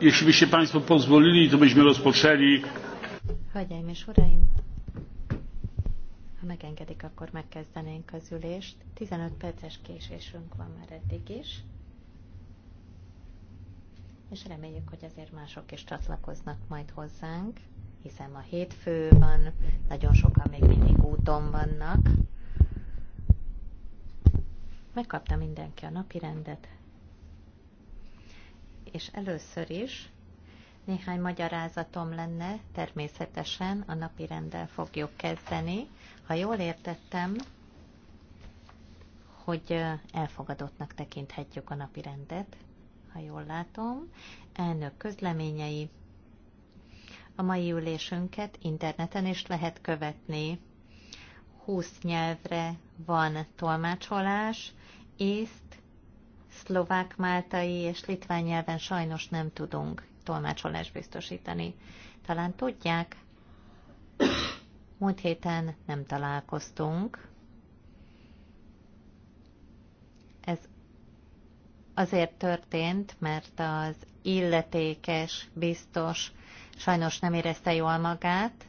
Jeśli byście Państwo pozwolili, to byśmy rozpoczęli. Hölgyeim és uraim, ha megengedik, akkor megkezdenénk az ülést. 15 perces késésünk van már eddig is. És reméljük, hogy azért mások is csatlakoznak majd hozzánk, hiszen ma hétfő van, nagyon sokan még mindig úton vannak. Megkapta mindenki a napi rendet, és először is néhány magyarázatom lenne, természetesen a napi rendel fogjuk kezdeni. Ha jól értettem, hogy elfogadottnak tekinthetjük a napi rendet, ha jól látom. Elnök közleményei. A mai ülésünket interneten is lehet követni. 20 nyelvre van tolmácsolás, észt, szlovák, máltai és litván nyelven sajnos nem tudunk tolmácsolást biztosítani. Talán tudják, múlt héten nem találkoztunk. Ez azért történt, mert az illetékes, biztos sajnos nem érezte jól magát,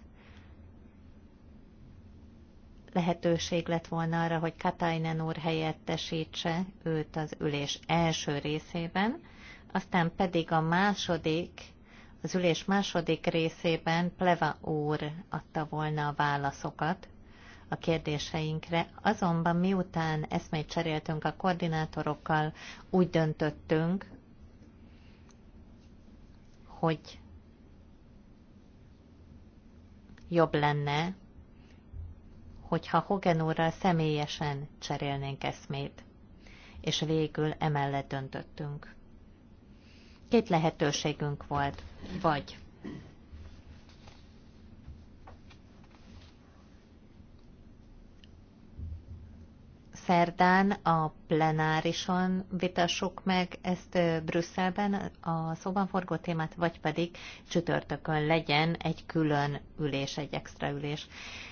lehetőség lett volna arra, hogy Katainen úr helyettesítse őt az ülés első részében, aztán pedig a második, az ülés második részében Pleva úr adta volna a válaszokat a kérdéseinkre. Azonban miután eszmét cseréltünk a koordinátorokkal, úgy döntöttünk, hogy jobb lenne, hogyha Hogan úrral személyesen cserélnénk eszmét. És végül emellett döntöttünk. Két lehetőségünk volt. Vagy szerdán a plenárison vitassuk meg ezt Brüsszelben, a szóban forgó témát, vagy pedig csütörtökön legyen egy külön ülés, egy extra ülés.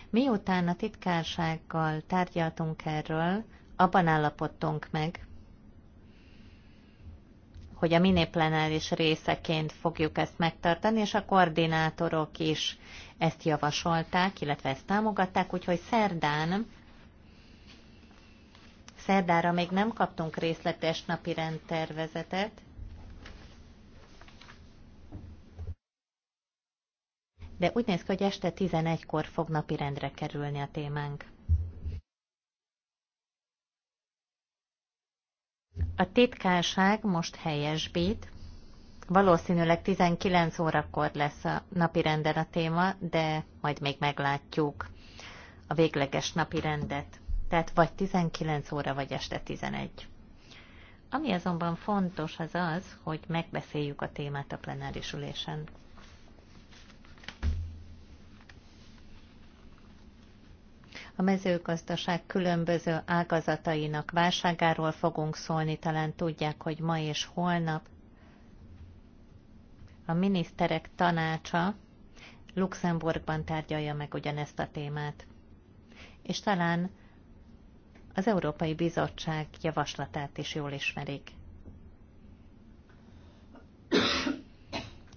Miután a titkársággal tárgyaltunk erről, abban állapodtunk meg, hogy a miniplenáris részeként fogjuk ezt megtartani, és a koordinátorok is ezt javasolták, illetve ezt támogatták, úgyhogy szerdán, szerdára még nem kaptunk részletes napi rendtervezetet, de úgy néz ki, hogy este 11-kor fog napirendre kerülni a témánk. A titkárság most helyesbít. Valószínűleg 19 órakor lesz a napirenden a téma, de majd még meglátjuk a végleges napirendet. Tehát vagy 19 óra, vagy este 11. Ami azonban fontos az az, hogy megbeszéljük a témát a plenáris ülésen. A mezőgazdaság különböző ágazatainak válságáról fogunk szólni, talán tudják, hogy ma és holnap a miniszterek tanácsa Luxemburgban tárgyalja meg ugyanezt a témát. És talán az Európai Bizottság javaslatát is jól ismerik.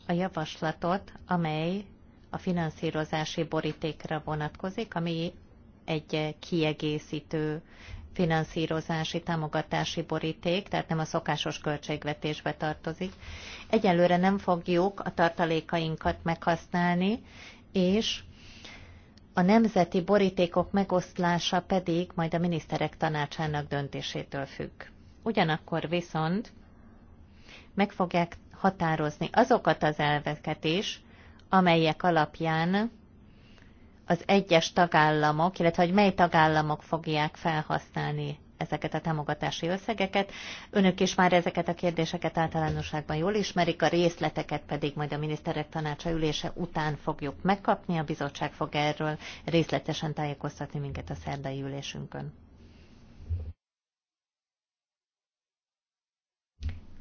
A javaslatot, amely a finanszírozási borítékra vonatkozik, ami egy eh, kiegészítő finanszírozási, támogatási boríték, tehát nem a szokásos költségvetésbe tartozik. Egyelőre nem fogjuk a tartalékainkat meghasználni, és a nemzeti borítékok megosztlása pedig majd a miniszterek tanácsának döntésétől függ. Ugyanakkor viszont meg fogják határozni azokat az elveket is, amelyek alapján az egyes tagállamok, illetve hogy mely tagállamok fogják felhasználni ezeket a támogatási összegeket. Önök is már ezeket a kérdéseket általánosságban jól ismerik, a részleteket pedig majd a miniszterek tanácsa ülése után fogjuk megkapni, a bizottság fog erről részletesen tájékoztatni minket a szerdai ülésünkön.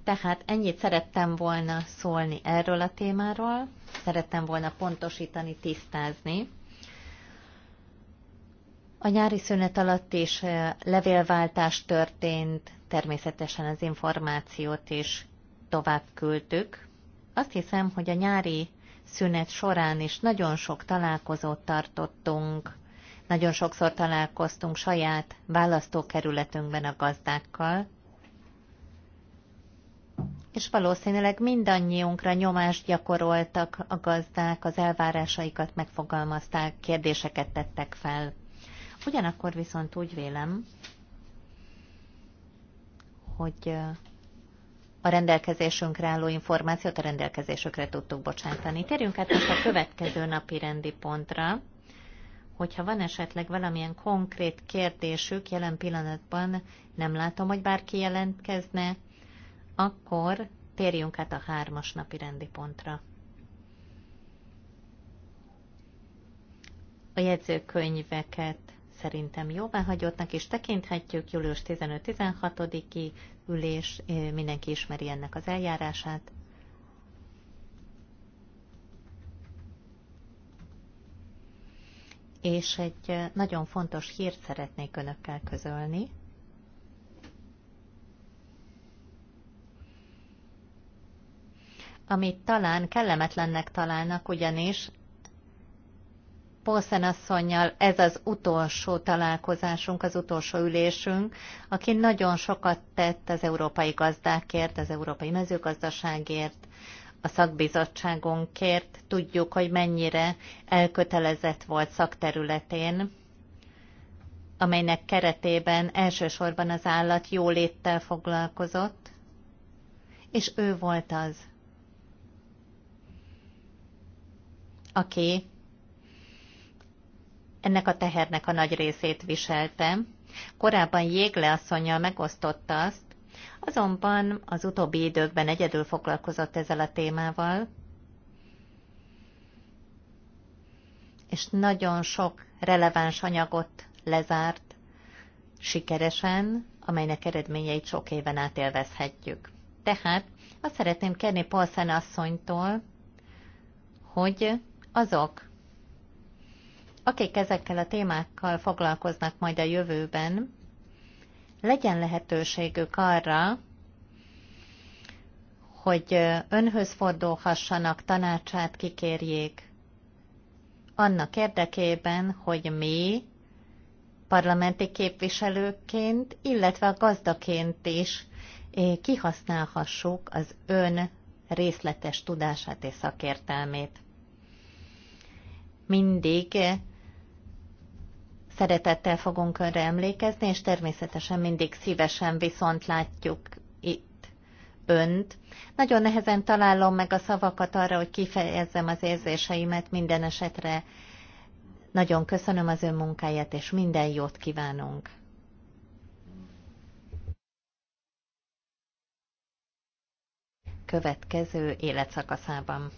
Tehát ennyit szerettem volna szólni erről a témáról, szerettem volna pontosítani, tisztázni a nyári szünet alatt is levélváltás történt, természetesen az információt is tovább küldtük. Azt hiszem, hogy a nyári szünet során is nagyon sok találkozót tartottunk, nagyon sokszor találkoztunk saját választókerületünkben a gazdákkal, és valószínűleg mindannyiunkra nyomást gyakoroltak a gazdák, az elvárásaikat megfogalmazták, kérdéseket tettek fel. Ugyanakkor viszont úgy vélem, hogy a rendelkezésünkre álló információt a rendelkezésükre tudtuk bocsátani. Térjünk át most a következő napi rendi pontra, hogyha van esetleg valamilyen konkrét kérdésük, jelen pillanatban nem látom, hogy bárki jelentkezne, akkor térjünk át a hármas napi rendi pontra. A jegyzőkönyveket szerintem hagyottnak, is tekinthetjük. Július 15-16-i ülés, mindenki ismeri ennek az eljárását. És egy nagyon fontos hírt szeretnék önökkel közölni. amit talán kellemetlennek találnak, ugyanis Paulsen asszonynal ez az utolsó találkozásunk, az utolsó ülésünk, aki nagyon sokat tett az európai gazdákért, az európai mezőgazdaságért, a szakbizottságunkért. Tudjuk, hogy mennyire elkötelezett volt szakterületén, amelynek keretében elsősorban az állat jóléttel foglalkozott, és ő volt az, aki ennek a tehernek a nagy részét viseltem. Korábban Jégle asszonynal megosztotta azt, azonban az utóbbi időkben egyedül foglalkozott ezzel a témával, és nagyon sok releváns anyagot lezárt sikeresen, amelynek eredményeit sok éven át élvezhetjük. Tehát azt szeretném kérni Paulsen asszonytól, hogy azok, akik ezekkel a témákkal foglalkoznak majd a jövőben, legyen lehetőségük arra, hogy önhöz fordulhassanak, tanácsát kikérjék, annak érdekében, hogy mi parlamenti képviselőként, illetve a gazdaként is kihasználhassuk az ön részletes tudását és szakértelmét. Mindig Szeretettel fogunk önre emlékezni, és természetesen mindig szívesen viszont látjuk itt önt. Nagyon nehezen találom meg a szavakat arra, hogy kifejezzem az érzéseimet minden esetre. Nagyon köszönöm az ön munkáját, és minden jót kívánunk. Következő életszakaszában.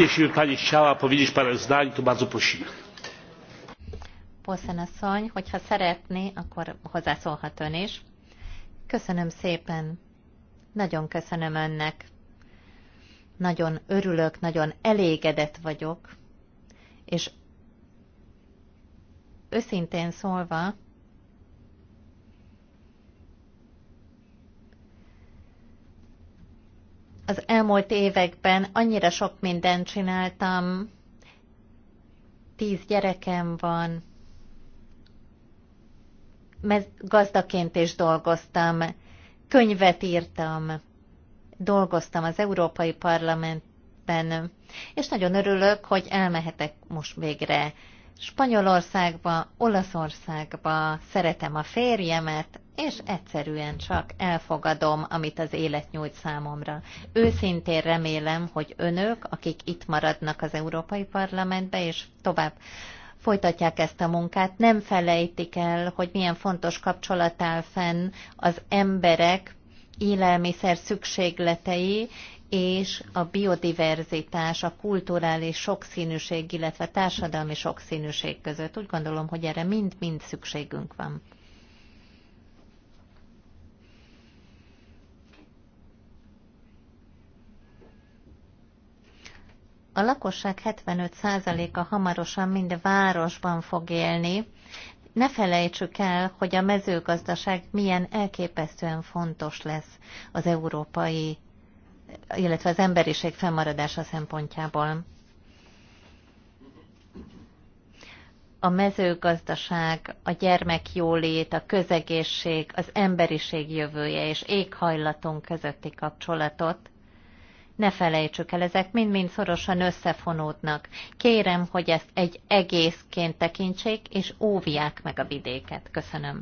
jeśli by pani chciała powiedzieć parę zdań, to bardzo prosimy. Polszen asszony, hogyha szeretné, akkor hozzászólhat ön is. Köszönöm szépen. Nagyon köszönöm önnek. Nagyon örülök, nagyon elégedett vagyok. És őszintén szólva, az elmúlt években annyira sok mindent csináltam, tíz gyerekem van, gazdaként is dolgoztam, könyvet írtam, dolgoztam az Európai Parlamentben, és nagyon örülök, hogy elmehetek most végre Spanyolországba, Olaszországba szeretem a férjemet, és egyszerűen csak elfogadom, amit az élet nyújt számomra. Őszintén remélem, hogy önök, akik itt maradnak az Európai Parlamentbe, és tovább folytatják ezt a munkát, nem felejtik el, hogy milyen fontos kapcsolat áll fenn az emberek élelmiszer szükségletei és a biodiverzitás, a kulturális sokszínűség, illetve társadalmi sokszínűség között. Úgy gondolom, hogy erre mind-mind szükségünk van. A lakosság 75%-a hamarosan mind városban fog élni. Ne felejtsük el, hogy a mezőgazdaság milyen elképesztően fontos lesz az európai illetve az emberiség fennmaradása szempontjából. a mezőgazdaság, a gyermekjólét, a közegészség, az emberiség jövője és éghajlatunk közötti kapcsolatot. Ne felejtsük el, ezek mind-mind szorosan összefonódnak. Kérem, hogy ezt egy egészként tekintsék, és óvják meg a vidéket. Köszönöm.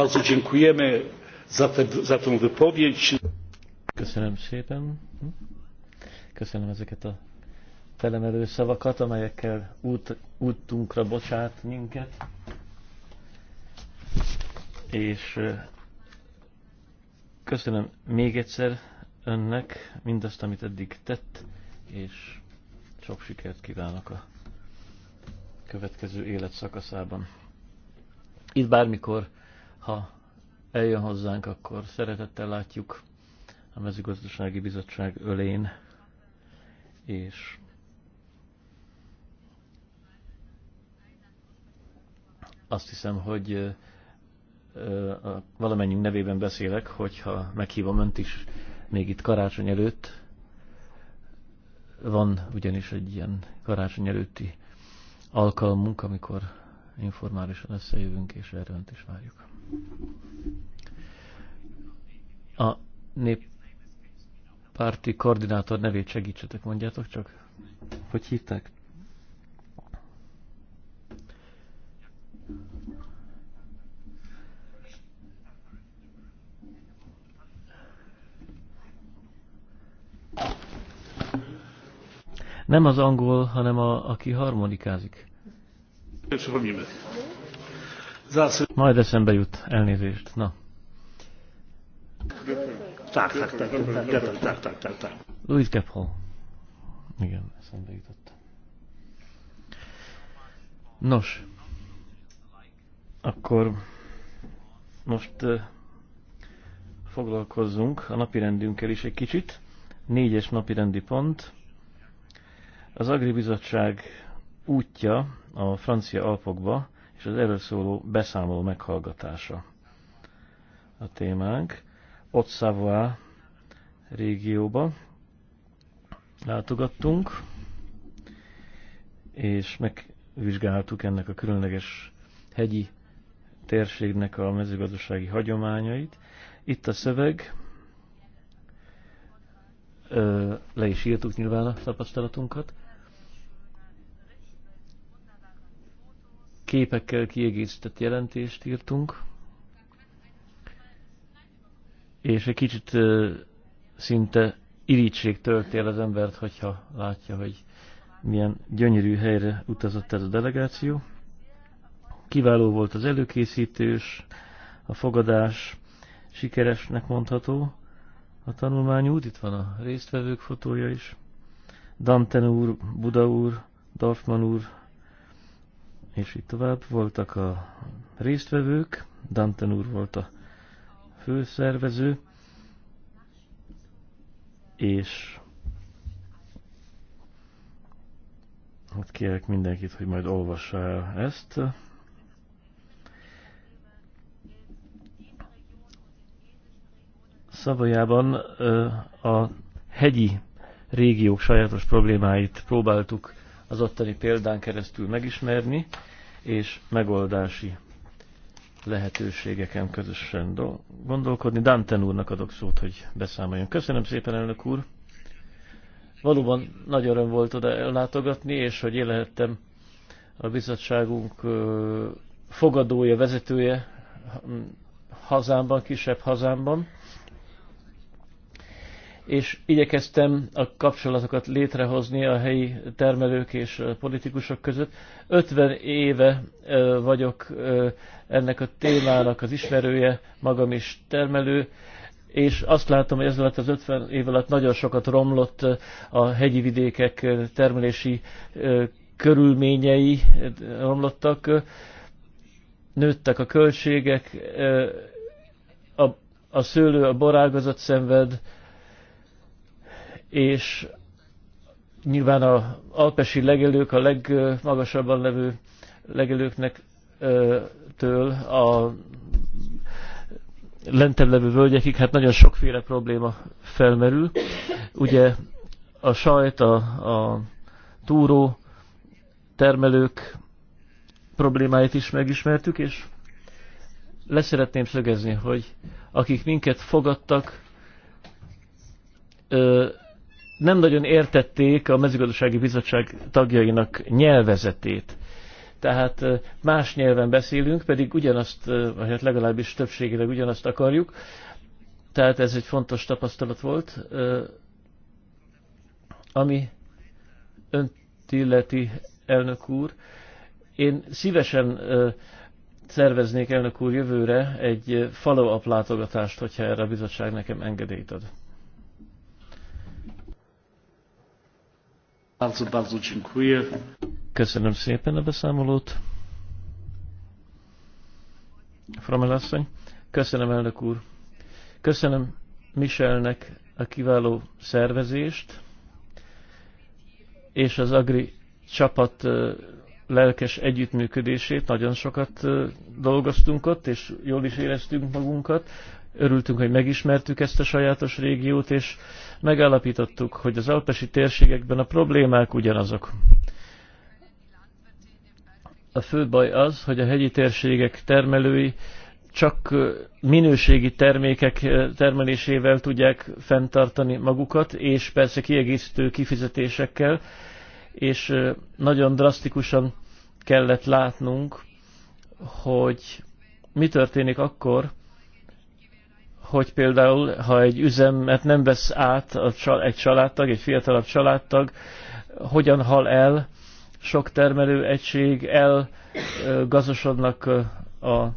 Bardzo dziękujemy za, te, za tę wypowiedź. Köszönöm szépen. Hm? Köszönöm ezeket a felemelő szavakat, amelyekkel út, útunkra bocsát minket. És köszönöm még egyszer önnek mindazt, amit eddig tett, és sok sikert kívánok a következő életszakaszában. Itt bármikor ha eljön hozzánk, akkor szeretettel látjuk a mezőgazdasági bizottság ölén, és azt hiszem, hogy valamennyi nevében beszélek, hogyha meghívom önt is még itt karácsony előtt. Van ugyanis egy ilyen karácsony előtti alkalmunk, amikor informálisan összejövünk, és erre is várjuk. A néppárti koordinátor nevét segítsetek, mondjátok csak. Hogy hívták? Nem az angol, hanem a, aki harmonikázik. És majd eszembe jut, elnézést. Na. Tak, tak, tak, tak, tak, tak, tak, tak. Louis Kephol. Igen, eszembe jutott. Nos. Akkor most foglalkozzunk a napirendünkkel is egy kicsit. Négyes napirendi pont. Az Agribizottság útja a francia Alpokba és az erről szóló beszámoló meghallgatása a témánk. Ott Savoie régióba látogattunk, és megvizsgáltuk ennek a különleges hegyi térségnek a mezőgazdasági hagyományait. Itt a szöveg, le is írtuk nyilván a tapasztalatunkat. képekkel kiegészített jelentést írtunk, és egy kicsit szinte irítség tölti el az embert, hogyha látja, hogy milyen gyönyörű helyre utazott ez a delegáció. Kiváló volt az előkészítés, a fogadás sikeresnek mondható. A tanulmány út, itt van a résztvevők fotója is. Danten úr, Buda úr, Dorfman úr, és így tovább voltak a résztvevők, Danten úr volt a főszervező, és hát kérek mindenkit, hogy majd olvassa el ezt. Szavajában a hegyi régiók sajátos problémáit próbáltuk az ottani példán keresztül megismerni, és megoldási lehetőségeken közösen gondolkodni. Danten úrnak adok szót, hogy beszámoljon. Köszönöm szépen, elnök úr! Valóban nagy öröm volt oda ellátogatni, és hogy én lehettem a bizottságunk fogadója, vezetője mm, hazámban, kisebb hazámban és igyekeztem a kapcsolatokat létrehozni a helyi termelők és politikusok között. 50 éve vagyok ennek a témának az ismerője, magam is termelő, és azt látom, hogy ez alatt az 50 év alatt nagyon sokat romlott a hegyi vidékek termelési körülményei, romlottak, nőttek a költségek, a, a szőlő, a borágazat szenved, és nyilván a alpesi legelők, a legmagasabban levő legelőknek től a lentebb levő völgyekig, hát nagyon sokféle probléma felmerül. Ugye a sajt, a, a túró termelők problémáit is megismertük, és leszeretném szögezni, hogy akik minket fogadtak, nem nagyon értették a mezőgazdasági bizottság tagjainak nyelvezetét. Tehát más nyelven beszélünk, pedig ugyanazt, vagy hát legalábbis többségileg ugyanazt akarjuk. Tehát ez egy fontos tapasztalat volt, ami önt illeti elnök úr. Én szívesen szerveznék elnök úr jövőre egy follow-up látogatást, hogyha erre a bizottság nekem engedélyt ad. Bardzo, bardzo dziękuję. Köszönöm szépen a beszámolót. Framel asszony. Köszönöm, elnök úr. Köszönöm Michelnek a kiváló szervezést, és az Agri csapat lelkes együttműködését. Nagyon sokat dolgoztunk ott, és jól is éreztünk magunkat. Örültünk, hogy megismertük ezt a sajátos régiót, és megállapítottuk, hogy az alpesi térségekben a problémák ugyanazok. A fő baj az, hogy a hegyi térségek termelői csak minőségi termékek termelésével tudják fenntartani magukat, és persze kiegészítő kifizetésekkel, és nagyon drasztikusan kellett látnunk, hogy mi történik akkor, hogy például, ha egy üzemet nem vesz át a csal, egy családtag, egy fiatalabb családtag, hogyan hal el sok termelő egység, elgazosodnak a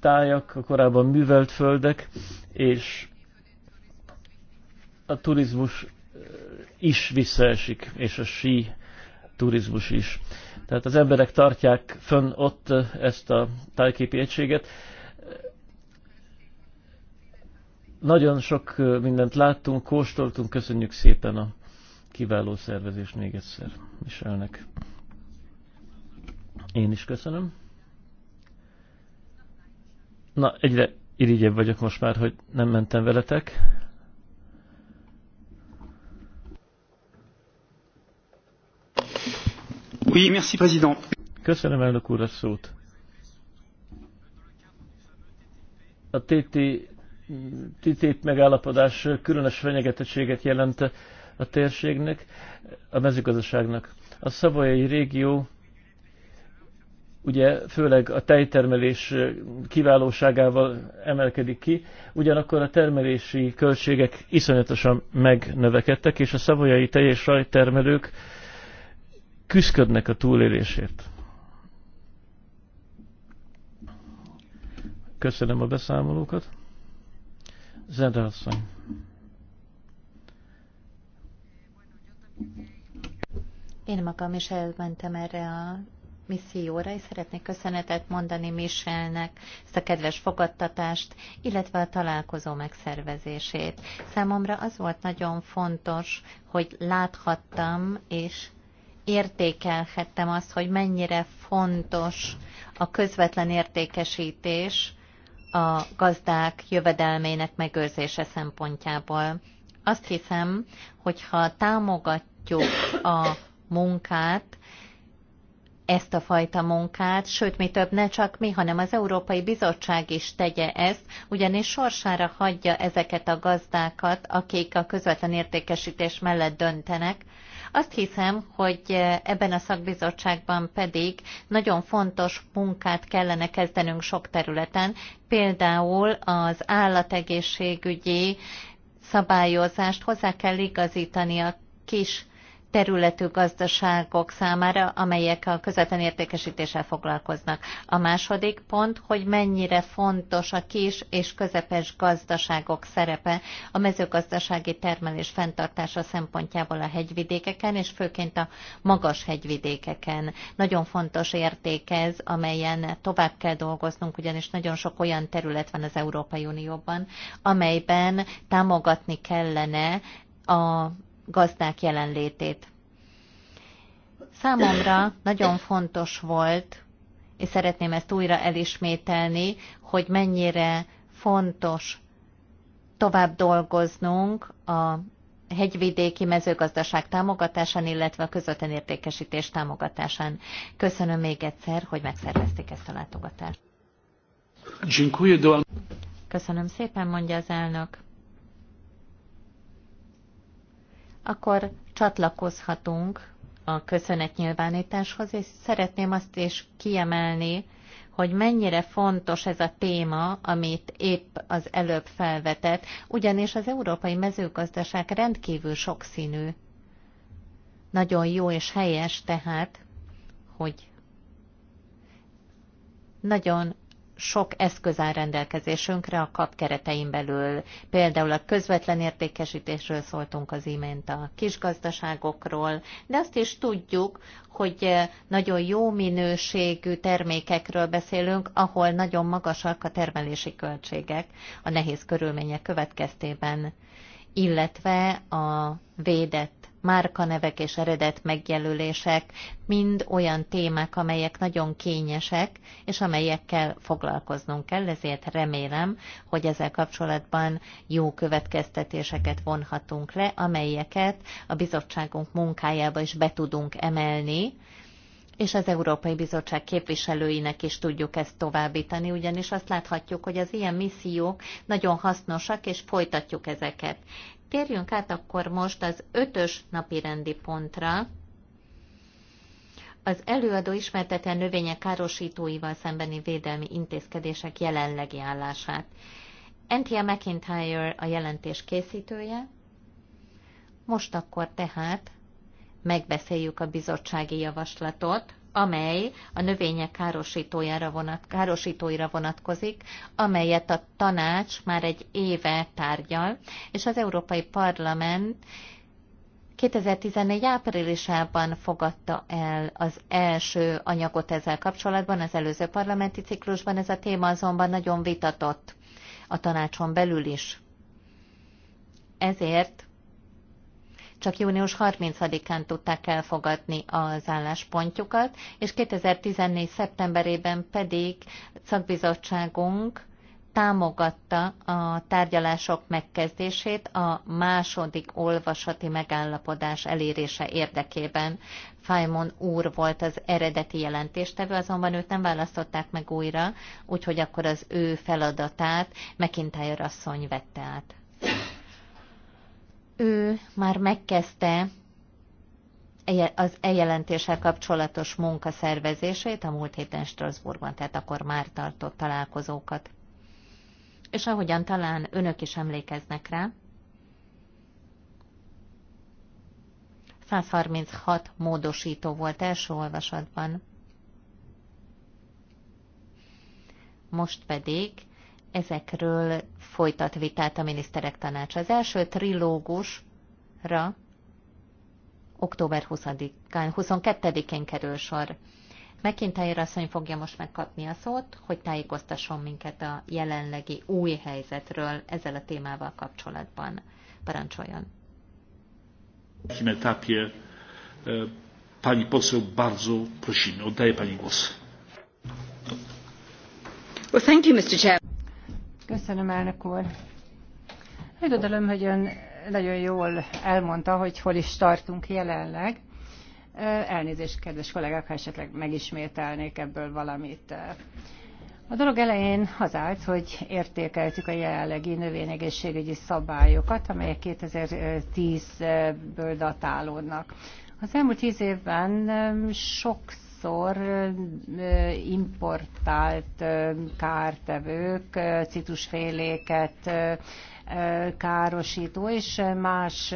tájak, a korábban művelt földek, és a turizmus is visszaesik, és a sí turizmus is. Tehát az emberek tartják fönn ott ezt a tájképi egységet, Nagyon sok mindent láttunk, kóstoltunk, köszönjük szépen a kiváló szervezést még egyszer Michelnek. Én is köszönöm. Na, egyre irigyebb vagyok most már, hogy nem mentem veletek. Oui, merci, président. Köszönöm, elnök úr, a szót. A TT titét megállapodás különös fenyegetettséget jelent a térségnek, a mezőgazdaságnak. A szabolyai régió ugye főleg a tejtermelés kiválóságával emelkedik ki, ugyanakkor a termelési költségek iszonyatosan megnövekedtek, és a szavolyai tej- és rajtermelők küzdködnek a túlélésért. Köszönöm a beszámolókat. Zede Én magam is elmentem erre a misszióra, és szeretnék köszönetet mondani Michelnek ezt a kedves fogadtatást, illetve a találkozó megszervezését. Számomra az volt nagyon fontos, hogy láthattam és értékelhettem azt, hogy mennyire fontos a közvetlen értékesítés a gazdák jövedelmének megőrzése szempontjából. Azt hiszem, hogyha támogatjuk a munkát, ezt a fajta munkát, sőt, mi több, ne csak mi, hanem az Európai Bizottság is tegye ezt, ugyanis sorsára hagyja ezeket a gazdákat, akik a közvetlen értékesítés mellett döntenek, azt hiszem, hogy eh, ebben a szakbizottságban pedig nagyon fontos munkát kellene kezdenünk sok területen, például az állategészségügyi szabályozást hozzá kell igazítani a kis területű gazdaságok számára, amelyek a közvetlen értékesítéssel foglalkoznak. A második pont, hogy mennyire fontos a kis és közepes gazdaságok szerepe a mezőgazdasági termelés fenntartása szempontjából a hegyvidékeken, és főként a magas hegyvidékeken. Nagyon fontos érték ez, amelyen tovább kell dolgoznunk, ugyanis nagyon sok olyan terület van az Európai Unióban, amelyben támogatni kellene a gazdák jelenlétét. Számomra nagyon fontos volt, és szeretném ezt újra elismételni, hogy mennyire fontos tovább dolgoznunk a hegyvidéki mezőgazdaság támogatásán, illetve a közvetlen értékesítés támogatásán. Köszönöm még egyszer, hogy megszervezték ezt a látogatást. Köszönöm szépen, mondja az elnök. akkor csatlakozhatunk a köszönetnyilvánításhoz, és szeretném azt is kiemelni, hogy mennyire fontos ez a téma, amit épp az előbb felvetett, ugyanis az európai mezőgazdaság rendkívül sokszínű. Nagyon jó és helyes tehát, hogy nagyon sok eszköz áll rendelkezésünkre a kap keretein belül. Például a közvetlen értékesítésről szóltunk az imént a kisgazdaságokról, de azt is tudjuk, hogy eh, nagyon jó minőségű termékekről beszélünk, ahol nagyon magasak a termelési költségek a nehéz körülmények következtében, illetve a védett márkanevek és eredet megjelölések, mind olyan témák, amelyek nagyon kényesek, és amelyekkel foglalkoznunk kell, ezért remélem, hogy ezzel kapcsolatban jó következtetéseket vonhatunk le, amelyeket a bizottságunk munkájába is be tudunk emelni, és az Európai Bizottság képviselőinek is tudjuk ezt továbbítani, ugyanis azt láthatjuk, hogy az ilyen missziók nagyon hasznosak, és folytatjuk ezeket. Térjünk át akkor most az ötös napi rendi pontra. Az előadó ismertetlen a növények károsítóival szembeni védelmi intézkedések jelenlegi állását. Antia McIntyre a jelentés készítője. Most akkor tehát megbeszéljük a bizottsági javaslatot, amely a növények károsítójára vonat, károsítóira vonatkozik, amelyet a tanács már egy éve tárgyal, és az Európai Parlament 2014 áprilisában fogadta el az első anyagot ezzel kapcsolatban, az előző parlamenti ciklusban ez a téma azonban nagyon vitatott a tanácson belül is. Ezért csak június 30-án tudták elfogadni az álláspontjukat, és 2014. szeptemberében pedig szakbizottságunk támogatta a tárgyalások megkezdését a második olvasati megállapodás elérése érdekében. Fájmon úr volt az eredeti jelentéstevő, azonban őt nem választották meg újra, úgyhogy akkor az ő feladatát McIntyre asszony vette át ő már megkezdte az eljelentéssel kapcsolatos munkaszervezését a múlt héten Strasbourgban, tehát akkor már tartott találkozókat. És ahogyan talán önök is emlékeznek rá, 136 módosító volt első olvasatban. Most pedig ezekről folytat vitát a miniszterek tanácsa. Az első trilógusra október 20-án, 22-én kerül sor. McIntyre asszony fogja most megkapni a szót, hogy tájékoztasson minket a jelenlegi új helyzetről ezzel a témával kapcsolatban. Parancsoljon. W etapie pani poseł bardzo prosimy, oddaję pani głos. Well, thank you, Mr. Chair. Köszönöm, elnök úr. gondolom, hogy ön nagyon jól elmondta, hogy hol is tartunk jelenleg. Elnézést, kedves kollégák, ha esetleg megismételnék ebből valamit. A dolog elején az állt, hogy értékeltük a jelenlegi növényegészségügyi szabályokat, amelyek 2010-ből datálódnak. Az elmúlt tíz évben sok sokszor importált kártevők, citrusféléket károsító és más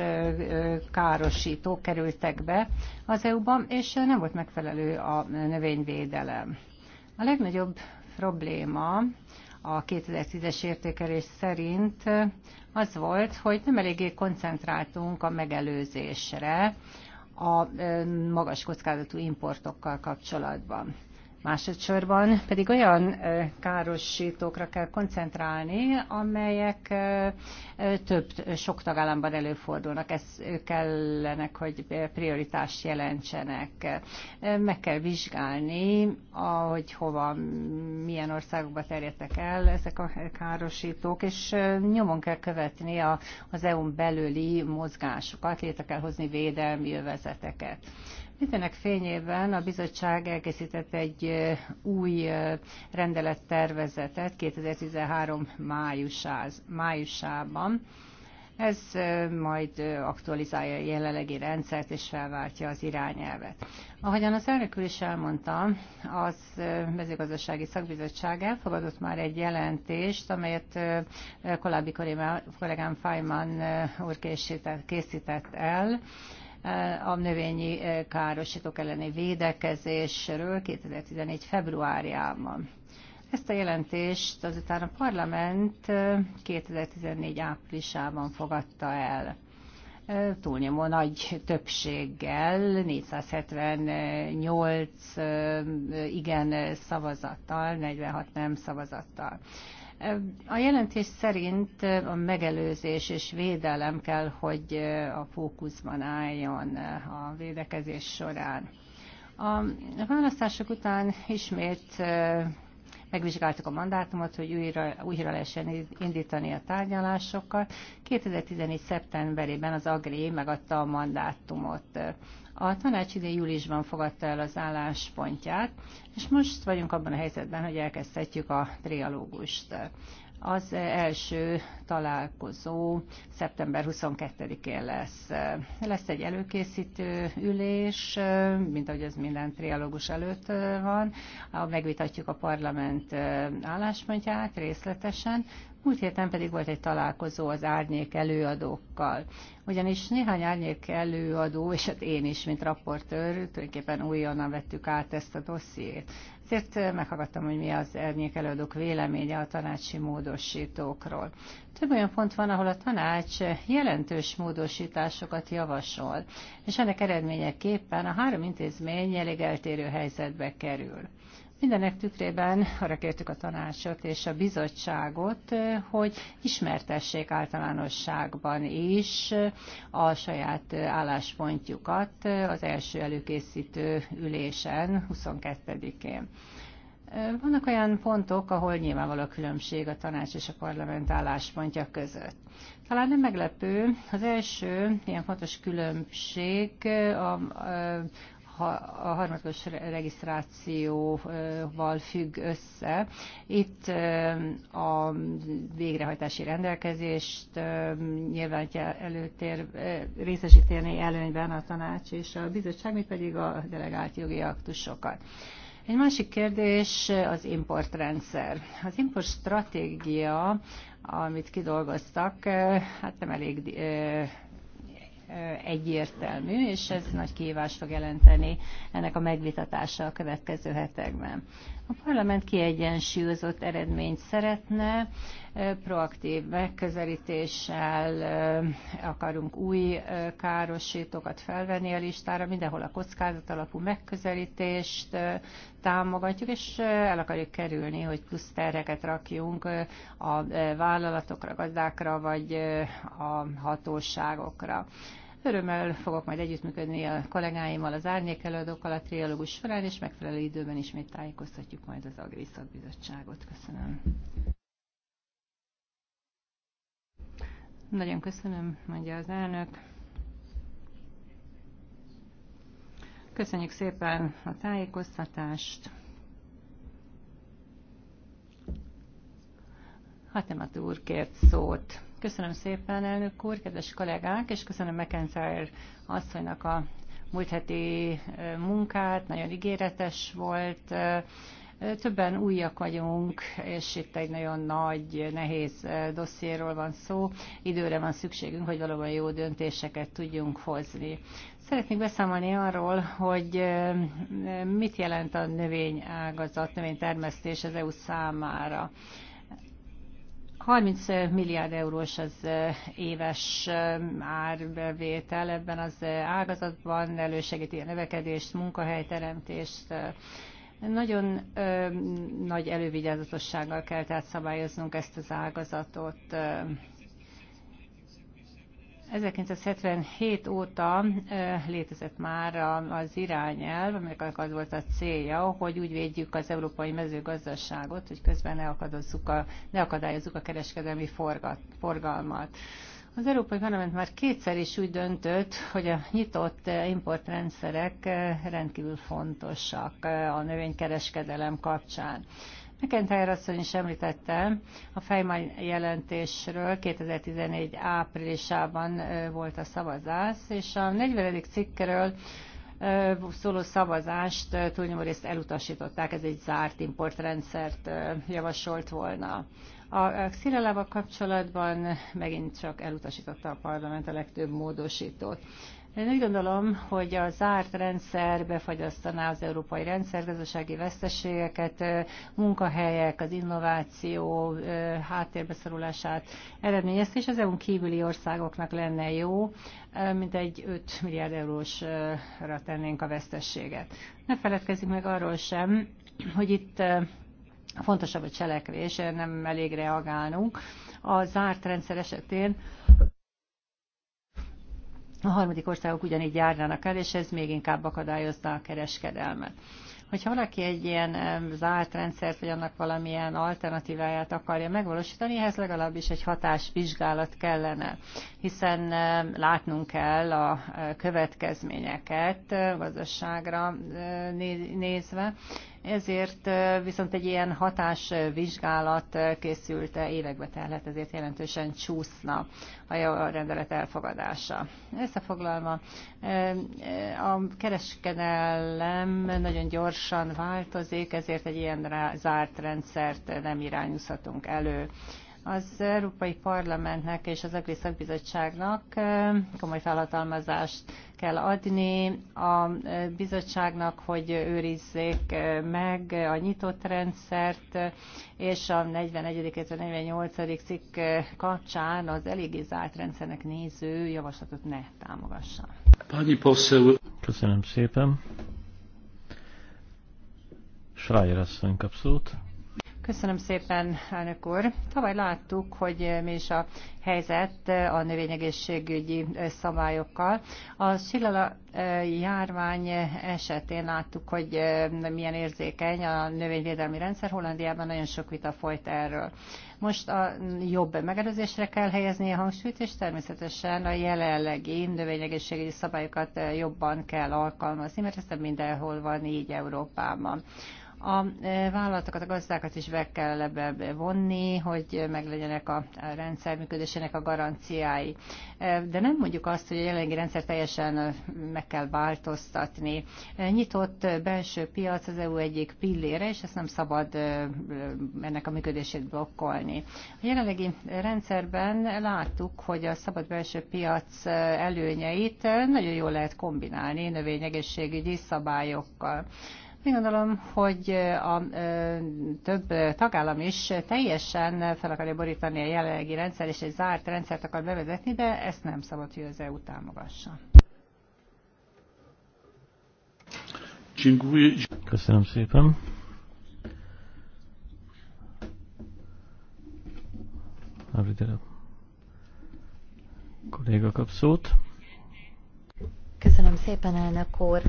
károsítók kerültek be az EU-ban, és nem volt megfelelő a növényvédelem. A legnagyobb probléma a 2010-es értékelés szerint az volt, hogy nem eléggé koncentráltunk a megelőzésre, a magas kockázatú importokkal kapcsolatban. Másodszorban pedig olyan károsítókra kell koncentrálni, amelyek több, sok tagállamban előfordulnak. Ez kellenek, hogy prioritást jelentsenek. Meg kell vizsgálni, hogy hova, milyen országokba terjedtek el ezek a károsítók, és nyomon kell követni az EU-n belüli mozgásokat, létre kell hozni védelmi övezeteket. Mindenek fényében a bizottság elkészített egy új rendelettervezetet 2013 májusáz, májusában. Ez majd aktualizálja a jelenlegi rendszert és felváltja az irányelvet. Ahogyan az elnök is elmondta, az mezőgazdasági szakbizottság elfogadott már egy jelentést, amelyet korábbi kollégám Fajman úr készített el, a növényi károsítók elleni védekezésről 2014. februárjában. Ezt a jelentést azután a parlament 2014 áprilisában fogadta el túlnyomó nagy többséggel, 478 igen szavazattal, 46 nem szavazattal. A jelentés szerint a megelőzés és védelem kell, hogy a fókuszban álljon a védekezés során. A választások után ismét megvizsgáltuk a mandátumot, hogy újra, újra lehessen indítani a tárgyalásokat. 2014. szeptemberében az AGRI megadta a mandátumot. A tanács idén júliusban fogadta el az álláspontját, és most vagyunk abban a helyzetben, hogy elkezdhetjük a trialógust. Az első találkozó szeptember 22-én lesz. Lesz egy előkészítő ülés, mint ahogy ez minden trialógus előtt van. Megvitatjuk a parlament álláspontját részletesen, Múlt héten pedig volt egy találkozó az árnyék előadókkal. Ugyanis néhány árnyék előadó, és hát én is, mint raportőr, tulajdonképpen újonnan vettük át ezt a dossziét. Ezért eh, meghallgattam, hogy mi az árnyék előadók véleménye a tanácsi módosítókról. Több olyan pont van, ahol a tanács jelentős módosításokat javasol, és ennek eredményeképpen a három intézmény elég eltérő helyzetbe kerül. Mindenek tükrében arra kértük a tanácsot és a bizottságot, hogy ismertessék általánosságban is a saját álláspontjukat az első előkészítő ülésen 22-én. Vannak olyan pontok, ahol nyilvánvaló a különbség a tanács és a parlament álláspontja között. Talán nem meglepő, az első ilyen fontos különbség a, a harmadikos regisztrációval függ össze. Itt a végrehajtási rendelkezést nyilván kell előtér részesíteni előnyben a tanács és a bizottság, mi pedig a delegált jogi aktusokat. Egy másik kérdés az importrendszer. Az importstratégia, amit kidolgoztak, hát nem elég egyértelmű, és ez nagy kihívást fog jelenteni ennek a megvitatása a következő hetekben. A parlament kiegyensúlyozott eredményt szeretne, proaktív megközelítéssel akarunk új károsítókat felvenni a listára, mindenhol a kockázat alapú megközelítést támogatjuk, és el akarjuk kerülni, hogy plusz terheket rakjunk a vállalatokra, gazdákra, vagy a hatóságokra. Örömmel fogok majd együttműködni a kollégáimmal, az árnyék előadókkal a triológus során, és megfelelő időben ismét tájékoztatjuk majd az Agri Szakbizottságot. Köszönöm. Nagyon köszönöm, mondja az elnök. Köszönjük szépen a tájékoztatást. Hatemat úr kért szót. Köszönöm szépen, elnök úr, kedves kollégák, és köszönöm McIntyre asszonynak a múlt heti munkát, nagyon ígéretes volt. Többen újak vagyunk, és itt egy nagyon nagy, nehéz dossziéról van szó. Időre van szükségünk, hogy valóban jó döntéseket tudjunk hozni. Szeretnék beszámolni arról, hogy mit jelent a növényágazat, növénytermesztés az EU számára. 30 milliárd eurós az éves árbevétel ebben az ágazatban, elősegíti a növekedést, munkahelyteremtést, nagyon ö, nagy elővigyázatossággal kell tehát szabályoznunk ezt az ágazatot. 1977 óta létezett már az irányelv, aminek az volt a célja, hogy úgy védjük az európai mezőgazdaságot, hogy közben ne, a, ne akadályozzuk a kereskedelmi forgat, forgalmat. Az Európai Parlament már kétszer is úgy döntött, hogy a nyitott importrendszerek rendkívül fontosak a növénykereskedelem kapcsán. McIntyre asszony is említette, a Fejman jelentésről 2014 áprilisában volt a szavazás, és a 40. cikkről szóló szavazást túlnyomó részt elutasították, ez egy zárt importrendszert javasolt volna. A Xirelával kapcsolatban megint csak elutasította a parlament a legtöbb módosítót. Én úgy gondolom, hogy a zárt rendszer befagyasztaná az európai rendszer gazdasági veszteségeket, munkahelyek, az innováció háttérbeszorulását eredményezt, és az EU-n kívüli országoknak lenne jó, mint egy 5 milliárd eurósra tennénk a vesztességet. Ne feledkezzünk meg arról sem, hogy itt fontosabb a cselekvés, nem elég reagálnunk. A zárt rendszer esetén a harmadik országok ugyanígy járnának el, és ez még inkább akadályozna a kereskedelmet. Hogyha valaki egy ilyen zárt rendszert, vagy annak valamilyen alternatíváját akarja megvalósítani, ehhez legalábbis egy hatásvizsgálat kellene, hiszen látnunk kell a következményeket gazdaságra nézve, ezért viszont egy ilyen hatásvizsgálat készült évekbe telhet, ezért jelentősen csúszna a rendelet elfogadása. Összefoglalva, a kereskedelem nagyon gyorsan változik, ezért egy ilyen zárt rendszert nem irányúzhatunk elő. Az Európai Parlamentnek és az Agri Szakbizottságnak komoly felhatalmazást kell adni a bizottságnak, hogy őrizzék meg a nyitott rendszert, és a 41. és 48. cikk kapcsán az eléggé zárt rendszernek néző javaslatot ne támogassa. Pani Köszönöm szépen. Schreier asszony kap szót. Köszönöm szépen, elnök úr. Tavaly láttuk, hogy mi is a helyzet a növényegészségügyi szabályokkal. A sillala eh, járvány esetén láttuk, hogy eh, milyen érzékeny a növényvédelmi rendszer. Hollandiában nagyon sok vita folyt erről. Most a jobb megelőzésre kell helyezni a hangsúlyt, és természetesen a jelenlegi növényegészségügyi szabályokat eh, jobban kell alkalmazni, mert ez nem mindenhol van így Európában. A e, vállalatokat, a gazdákat is be kell ebbe vonni, hogy meglegyenek a rendszer működésének a garanciái. E, de nem mondjuk azt, hogy a jelenlegi rendszer teljesen e, meg kell változtatni. Nyitott belső piac az EU egyik pillére, és ezt nem szabad ennek a működését blokkolni. A jelenlegi rendszerben láttuk, hogy a szabad belső piac előnyeit nagyon jól lehet kombinálni növényegészségügyi szabályokkal. Én gondolom, hogy a több tagállam is teljesen fel akarja borítani a jelenlegi rendszer, és egy zárt rendszert akar bevezetni, de ezt nem szabad, hogy az EU támogassa. Köszönöm szépen. Avidere kolléga kap szót. Köszönöm szépen, elnök úr.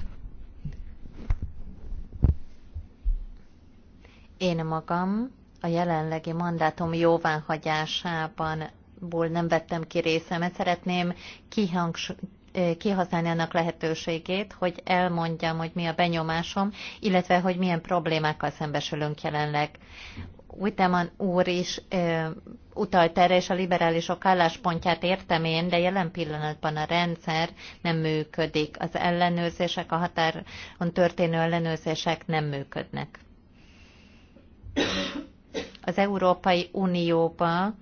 Én magam a jelenlegi mandátum jóváhagyásában ból nem vettem ki részemet. Szeretném kihangs eh, kihasználni annak lehetőségét, hogy elmondjam, hogy mi a benyomásom, illetve hogy milyen problémákkal szembesülünk jelenleg. Uteman úr is ö, eh, utalt erre, és a liberálisok álláspontját értem én, de jelen pillanatban a rendszer nem működik. Az ellenőrzések, a határon történő ellenőrzések nem működnek az Európai Unióba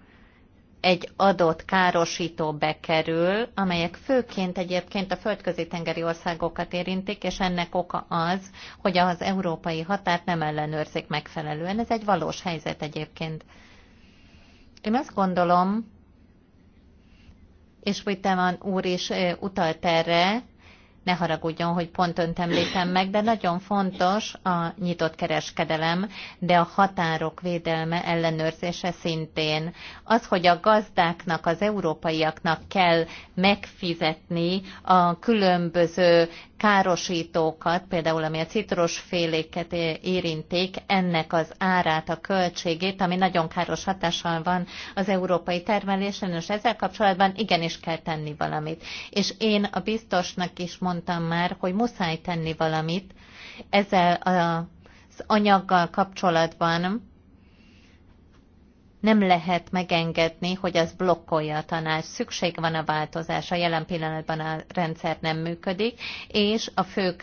egy adott károsító bekerül, amelyek főként egyébként a földközi tengeri országokat érintik, és ennek oka az, hogy az európai határt nem ellenőrzik megfelelően. Ez egy valós helyzet egyébként. Én azt gondolom, és Wittemann úr is utalt erre, ne haragudjon, hogy pont önt említem meg, de nagyon fontos a nyitott kereskedelem, de a határok védelme ellenőrzése szintén. Az, hogy a gazdáknak, az európaiaknak kell megfizetni a különböző károsítókat, például ami a citrusféléket érinték, ennek az árát, a költségét, ami nagyon káros hatással van az európai termelésen, és ezzel kapcsolatban igenis kell tenni valamit. És én a biztosnak is mondtam már, hogy muszáj tenni valamit ezzel az anyaggal kapcsolatban, nem lehet megengedni, hogy az blokkolja a tanács. Szükség van a változásra, jelen pillanatban a rendszer nem működik, és a fő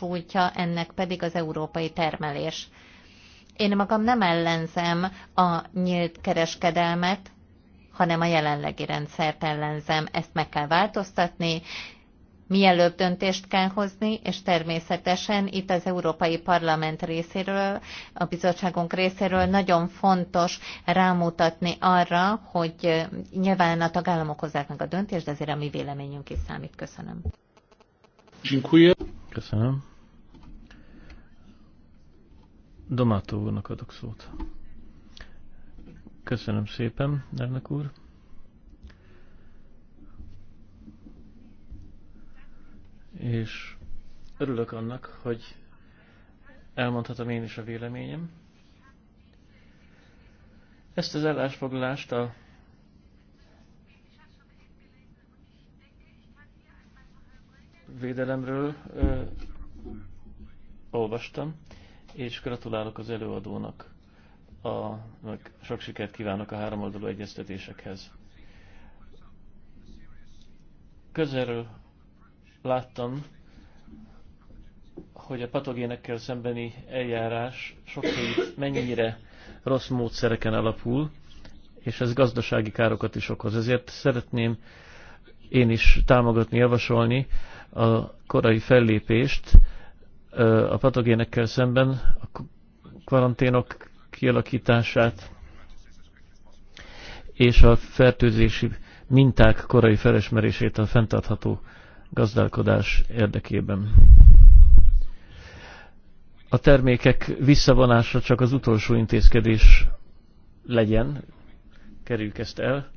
útja ennek pedig az európai termelés. Én magam nem ellenzem a nyílt kereskedelmet, hanem a jelenlegi rendszert ellenzem. Ezt meg kell változtatni, mielőbb döntést kell hozni, és természetesen itt az Európai Parlament részéről, a bizottságunk részéről nagyon fontos rámutatni arra, hogy nyilván a tagállamok hozzák meg a döntést, de azért a mi véleményünk is számít. Köszönöm. Köszönöm. Domátó úrnak adok szót. Köszönöm szépen, elnök úr. és örülök annak, hogy elmondhatom én is a véleményem. Ezt az ellásfoglalást a védelemről ö, olvastam, és gratulálok az előadónak, a, meg sok sikert kívánok a háromoldalú egyeztetésekhez. Közelről láttam, hogy a patogénekkel szembeni eljárás sokszor mennyire rossz módszereken alapul, és ez gazdasági károkat is okoz. Ezért szeretném én is támogatni, javasolni a korai fellépést a patogénekkel szemben, a karanténok kialakítását és a fertőzési minták korai felismerését a fenntartható gazdálkodás érdekében. A termékek visszavonása csak az utolsó intézkedés legyen, kerüljük ezt el.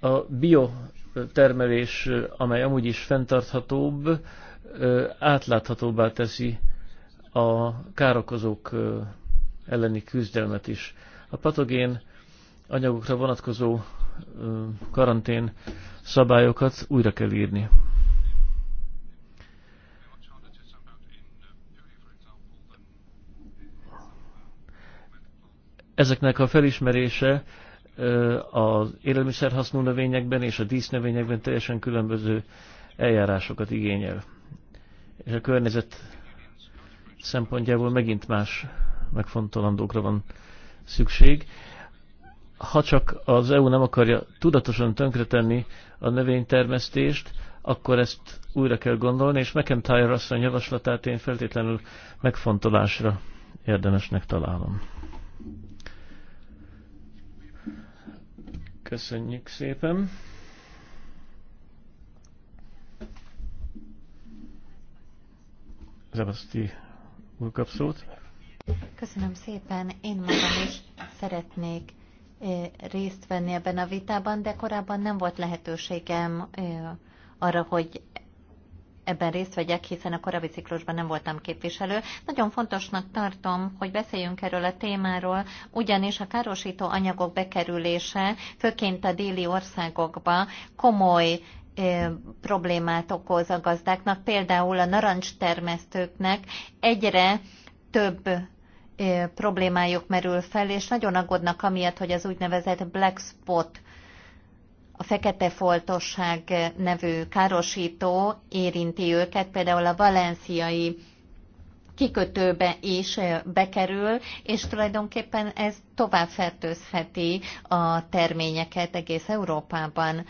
A biotermelés, amely amúgy is fenntarthatóbb, átláthatóbbá teszi a károkozók elleni küzdelmet is. A patogén anyagokra vonatkozó karantén szabályokat újra kell írni. Ezeknek a felismerése az élelmiszerhasznú növényekben és a dísznövényekben teljesen különböző eljárásokat igényel. És a környezet szempontjából megint más megfontolandókra van szükség. Ha csak az EU nem akarja tudatosan tönkretenni a növénytermesztést, akkor ezt újra kell gondolni, és McIntyre asszony javaslatát én feltétlenül megfontolásra érdemesnek találom. Köszönjük szépen! Zabaszti úr kap szót. Köszönöm szépen. Én magam is szeretnék részt venni ebben a vitában, de korábban nem volt lehetőségem arra, hogy ebben részt vegyek, hiszen a korábbi ciklusban nem voltam képviselő. Nagyon fontosnak tartom, hogy beszéljünk erről a témáról, ugyanis a károsító anyagok bekerülése, főként a déli országokba komoly problémát okoz a gazdáknak, például a narancstermesztőknek egyre több problémájuk merül fel, és nagyon aggódnak amiatt, hogy az úgynevezett black spot, a fekete foltosság nevű károsító érinti őket, például a valenciai kikötőbe is bekerül, és tulajdonképpen ez tovább fertőzheti a terményeket egész Európában.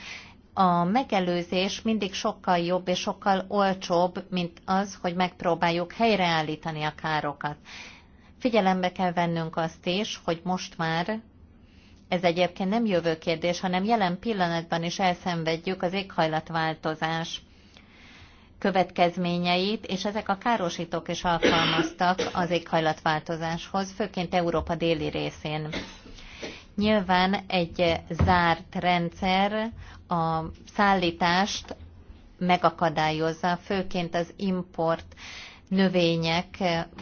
A megelőzés mindig sokkal jobb és sokkal olcsóbb, mint az, hogy megpróbáljuk helyreállítani a károkat. Figyelembe kell vennünk azt is, hogy most már ez egyébként nem jövő kérdés, hanem jelen pillanatban is elszenvedjük az éghajlatváltozás következményeit, és ezek a károsítók is alkalmaztak az éghajlatváltozáshoz, főként Európa déli részén. Nyilván egy zárt rendszer a szállítást megakadályozza, főként az import növények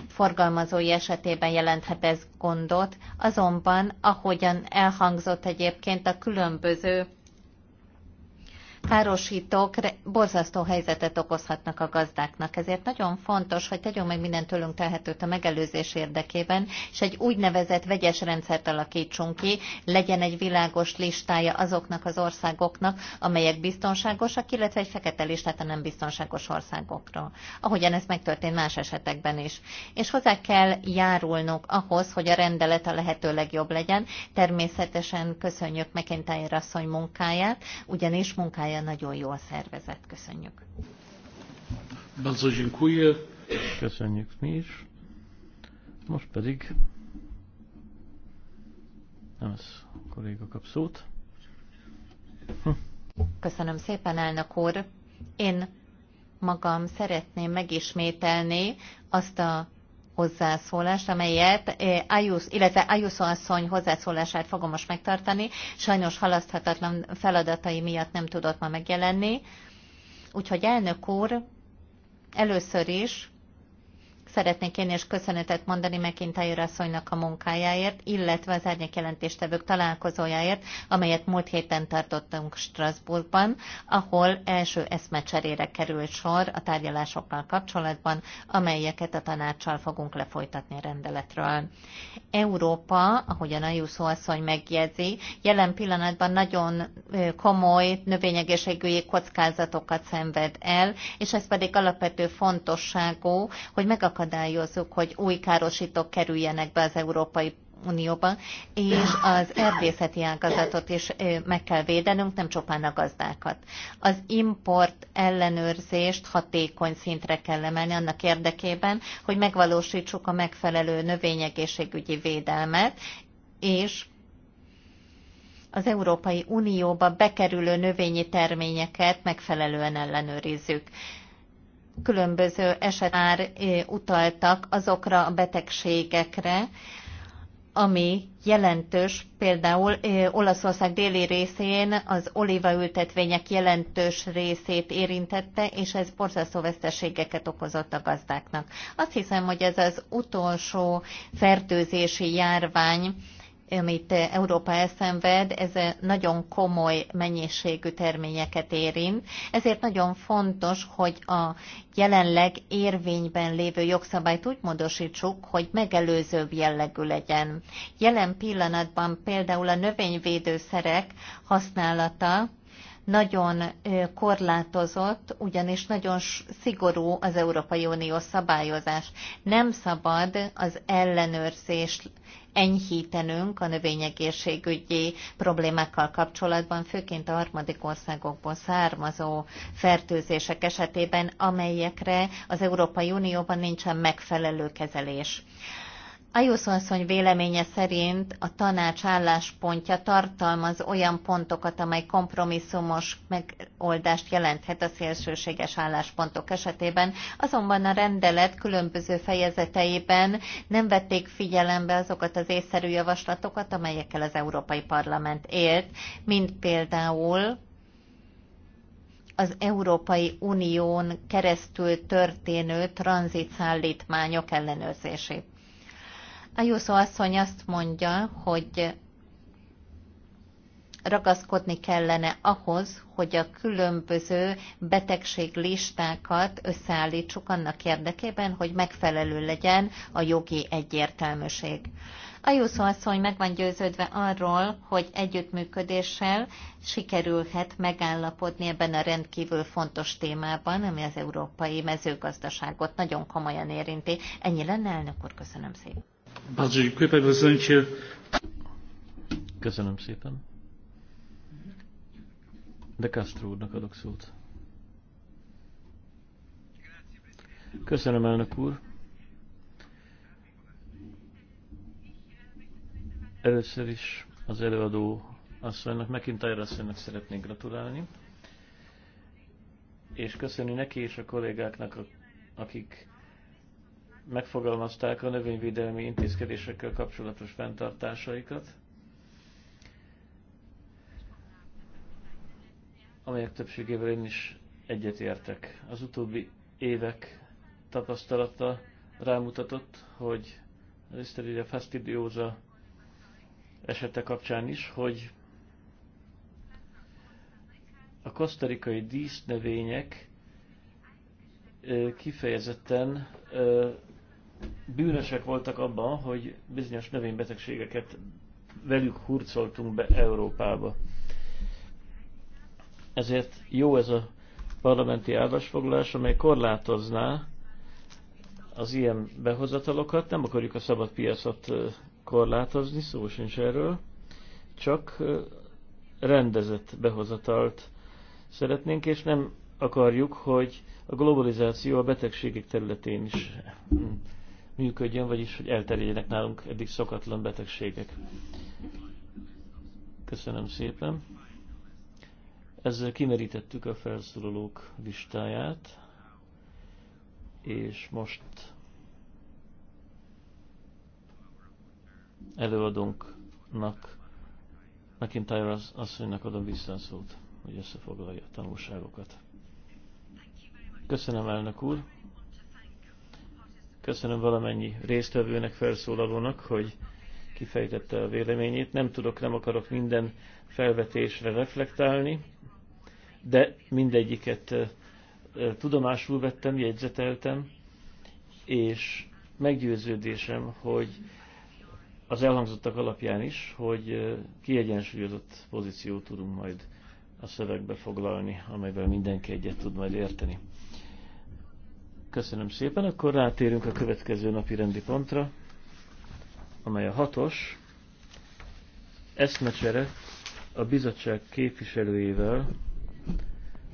forgalmazói esetében jelenthet ez gondot, azonban ahogyan elhangzott egyébként a különböző károsítók borzasztó helyzetet okozhatnak a gazdáknak. Ezért nagyon fontos, hogy tegyünk meg mindent tőlünk telhetőt a megelőzés érdekében, és egy úgynevezett vegyes rendszert alakítsunk ki, legyen egy világos listája azoknak az országoknak, amelyek biztonságosak, illetve egy fekete listát a nem biztonságos országokról. Ahogyan ez megtörtént más esetekben is. És hozzá kell járulnunk ahhoz, hogy a rendelet a lehető legjobb legyen. Természetesen köszönjük McIntyre asszony munkáját, ugyanis munkája Portugália nagyon jól szervezett. Köszönjük. Bardzo dziękuję. Köszönjük mi is. Most pedig nem ez kolléga kap szót. Hm. Köszönöm szépen, elnök úr. Én magam szeretném megismételni azt a hozzászólást, amelyet eh, Ayus, illetve Ayuszó asszony hozzászólását fogom most megtartani. Sajnos halaszthatatlan feladatai miatt nem tudott ma megjelenni. Úgyhogy elnök úr, először is Szeretnék én is köszönetet mondani McIntyre asszonynak a munkájáért, illetve az árnyékjelentéstevők találkozójáért, amelyet múlt héten tartottunk Strasbourgban, ahol első eszmecserére került sor a tárgyalásokkal kapcsolatban, amelyeket a tanácssal fogunk lefolytatni a rendeletről. Európa, ahogy a Jusszó asszony megjegyzi, jelen pillanatban nagyon komoly növényegészségügyi kockázatokat szenved el, és ez pedig alapvető fontosságú, hogy megakadályozzuk megakadályozzuk, hogy új károsítók kerüljenek be az Európai Unióba, és az erdészeti ágazatot is meg kell védenünk, nem csupán a gazdákat. Az import ellenőrzést hatékony szintre kell emelni annak érdekében, hogy megvalósítsuk a megfelelő növényegészségügyi védelmet, és az Európai Unióba bekerülő növényi terményeket megfelelően ellenőrizzük különböző eset már utaltak azokra a betegségekre, ami jelentős, például Olaszország déli részén az olívaültetvények jelentős részét érintette, és ez borzasztó veszteségeket okozott a gazdáknak. Azt hiszem, hogy ez az utolsó fertőzési járvány, amit Európa elszenved, ez nagyon komoly mennyiségű terményeket érint. Ezért nagyon fontos, hogy a jelenleg érvényben lévő jogszabályt úgy módosítsuk, hogy megelőzőbb jellegű legyen. Jelen pillanatban például a növényvédőszerek használata nagyon korlátozott, ugyanis nagyon szigorú az Európai Unió szabályozás. Nem szabad az ellenőrzés enyhítenünk a növényegészségügyi problémákkal kapcsolatban, főként a harmadik országokból származó fertőzések esetében, amelyekre az Európai Unióban nincsen megfelelő kezelés. Ajuszó asszony véleménye szerint a tanács álláspontja tartalmaz olyan pontokat, amely kompromisszumos megoldást jelenthet a szélsőséges álláspontok esetében, azonban a rendelet különböző fejezeteiben nem vették figyelembe azokat az észszerű javaslatokat, amelyekkel az Európai Parlament élt, mint például az Európai Unión keresztül történő tranzitszállítmányok ellenőrzését. Ajuszó asszony azt mondja, hogy ragaszkodni kellene ahhoz, hogy a különböző betegség listákat összeállítsuk annak érdekében, hogy megfelelő legyen a jogi egyértelműség. Ajuszó asszony meg van győződve arról, hogy együttműködéssel sikerülhet megállapodni ebben a rendkívül fontos témában, ami az európai mezőgazdaságot nagyon komolyan érinti. Ennyi lenne, elnök úr, köszönöm szépen. Köszönöm szépen. De Castro úrnak adok szót. Köszönöm, elnök úr. Először is az előadó asszonynak, McIntyre asszonynak szeretnék gratulálni, és köszönni neki és a kollégáknak, akik megfogalmazták a növényvédelmi intézkedésekkel kapcsolatos fenntartásaikat, amelyek többségével én is egyetértek. Az utóbbi évek tapasztalata rámutatott, hogy a Listeria fastidiosa esete kapcsán is, hogy a kosztarikai dísznövények kifejezetten bűnösek voltak abban, hogy bizonyos növénybetegségeket velük hurcoltunk be Európába. Ezért jó ez a parlamenti állásfoglalás, amely korlátozná az ilyen behozatalokat. Nem akarjuk a szabad piacot korlátozni, szó sincs erről, csak rendezett behozatalt szeretnénk, és nem akarjuk, hogy a globalizáció a betegségek területén is működjön, vagyis hogy elterjedjenek nálunk eddig szokatlan betegségek. Köszönöm szépen. Ezzel kimerítettük a felszólalók listáját, és most előadónknak, McIntyre asszonynak adom vissza a szót, hogy összefoglalja a tanulságokat. Köszönöm, elnök úr! Köszönöm valamennyi résztvevőnek, felszólalónak, hogy kifejtette a véleményét. Nem tudok, nem akarok minden felvetésre reflektálni, de mindegyiket tudomásul vettem, jegyzeteltem, és meggyőződésem, hogy az elhangzottak alapján is, hogy kiegyensúlyozott pozíciót tudunk majd a szövegbe foglalni, amelyben mindenki egyet tud majd érteni. Köszönöm szépen. Akkor rátérünk a következő napi rendi pontra, amely a hatos. Eszmecsere a bizottság képviselőjével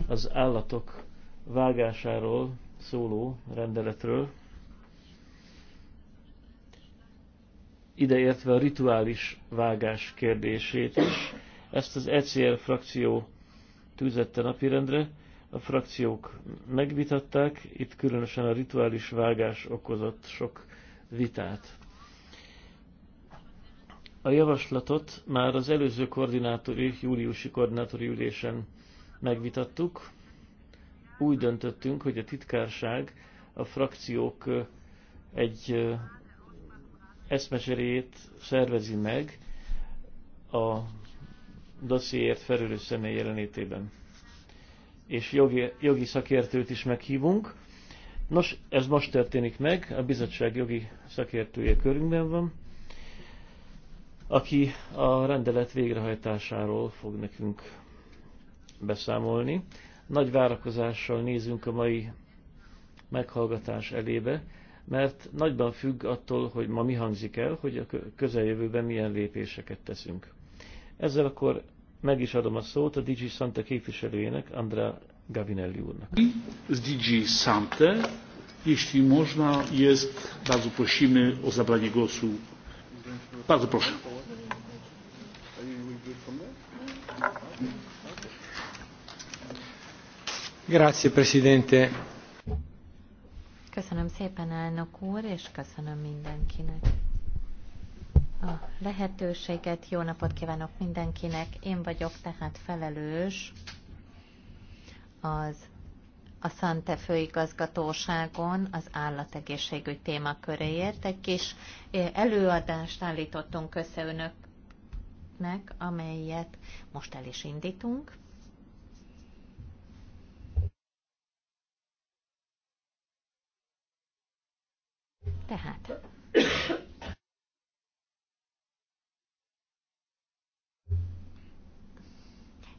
az állatok vágásáról szóló rendeletről, ideértve a rituális vágás kérdését is. Ezt az ECR frakció tűzette napirendre a frakciók megvitatták, itt különösen a rituális vágás okozott sok vitát. A javaslatot már az előző koordinátori, júliusi koordinátori ülésen megvitattuk. Úgy döntöttünk, hogy a titkárság a frakciók egy eszmeserét szervezi meg a dossziért felülő személy jelenlétében és jogi, jogi szakértőt is meghívunk. Nos, ez most történik meg, a bizottság jogi szakértője körünkben van, aki a rendelet végrehajtásáról fog nekünk beszámolni. Nagy várakozással nézünk a mai meghallgatás elébe, mert nagyban függ attól, hogy ma mi hangzik el, hogy a közeljövőben milyen lépéseket teszünk. Ezzel akkor meg is adom a szót a DG Santa képviselőjének, Andrá Gavinelli úrnak. Z DG Santa, jeśli można, jest, bardzo prosimy o zabranie głosu. Bardzo proszę. Grazie, Presidente. Köszönöm szépen, elnök úr, és köszönöm mindenkinek a lehetőséget. Jó napot kívánok mindenkinek. Én vagyok tehát felelős az a Szante főigazgatóságon az állategészségügy témaköréért. Egy kis előadást állítottunk össze önöknek, amelyet most el is indítunk. Tehát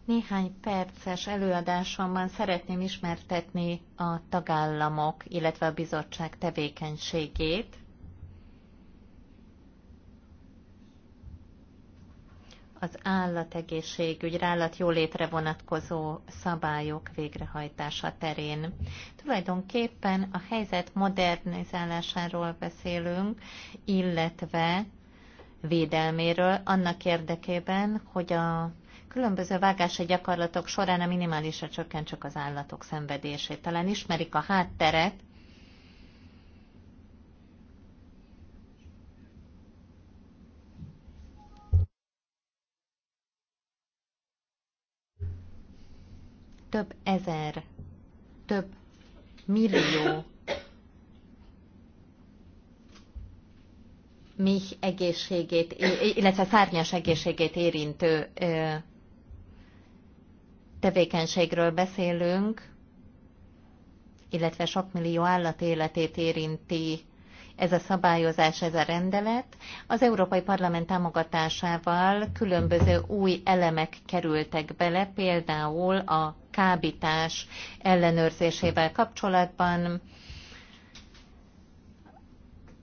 Néhány perces előadásomban szeretném ismertetni a tagállamok, illetve a bizottság tevékenységét. az állategészségügyre, állatjólétre vonatkozó szabályok végrehajtása terén. Tulajdonképpen a helyzet modernizálásáról beszélünk, illetve védelméről annak érdekében, hogy a különböző vágási gyakorlatok során a minimálisra csökken csak az állatok szenvedését. Talán ismerik a hátteret, több ezer, több millió méh egészségét, illetve szárnyas egészségét érintő tevékenységről beszélünk, illetve sok millió állat életét érinti ez a szabályozás, ez a rendelet. Az Európai Parlament támogatásával különböző új elemek kerültek bele, például a kábítás ellenőrzésével kapcsolatban,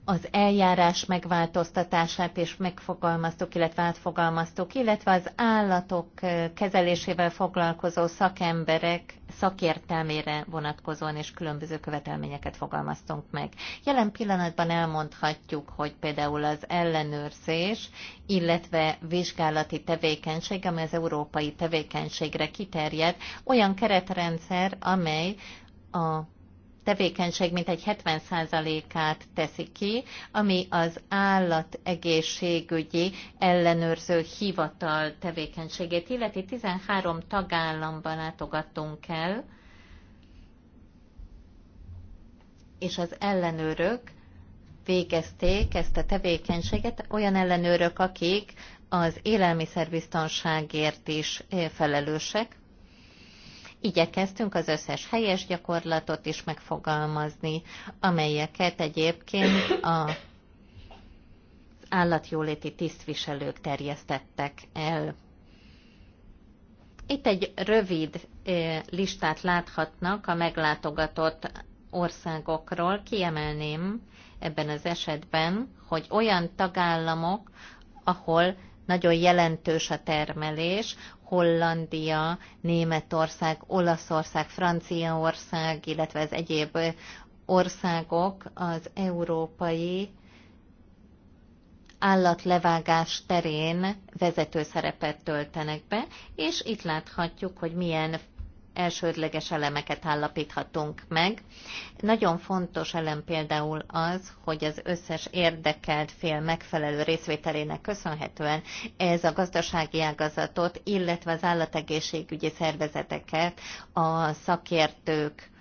az eljárás megváltoztatását is megfogalmaztuk, illetve átfogalmaztuk, illetve az állatok kezelésével foglalkozó szakemberek szakértelmére vonatkozóan és különböző követelményeket fogalmaztunk meg. Jelen pillanatban elmondhatjuk, hogy például az ellenőrzés, illetve vizsgálati tevékenység, amely az európai tevékenységre kiterjed, olyan keretrendszer, amely a tevékenység mintegy 70%-át teszi ki, ami az állategészségügyi ellenőrző hivatal tevékenységét illeti. 13 tagállamban látogattunk el, és az ellenőrök végezték ezt a tevékenységet, olyan ellenőrök, akik az élelmiszerbiztonságért is eh, felelősek, igyekeztünk az összes helyes gyakorlatot is megfogalmazni, amelyeket egyébként a állatjóléti tisztviselők terjesztettek el. Itt egy rövid listát láthatnak a meglátogatott országokról. Kiemelném ebben az esetben, hogy olyan tagállamok, ahol nagyon jelentős a termelés, Hollandia, Németország, Olaszország, Franciaország, illetve az egyéb országok az európai állatlevágás terén vezető szerepet töltenek be, és itt láthatjuk, hogy milyen elsődleges elemeket állapíthatunk meg. Nagyon fontos elem például az, hogy az összes érdekelt fél megfelelő részvételének köszönhetően ez a gazdasági ágazatot, illetve az állategészségügyi szervezeteket a szakértők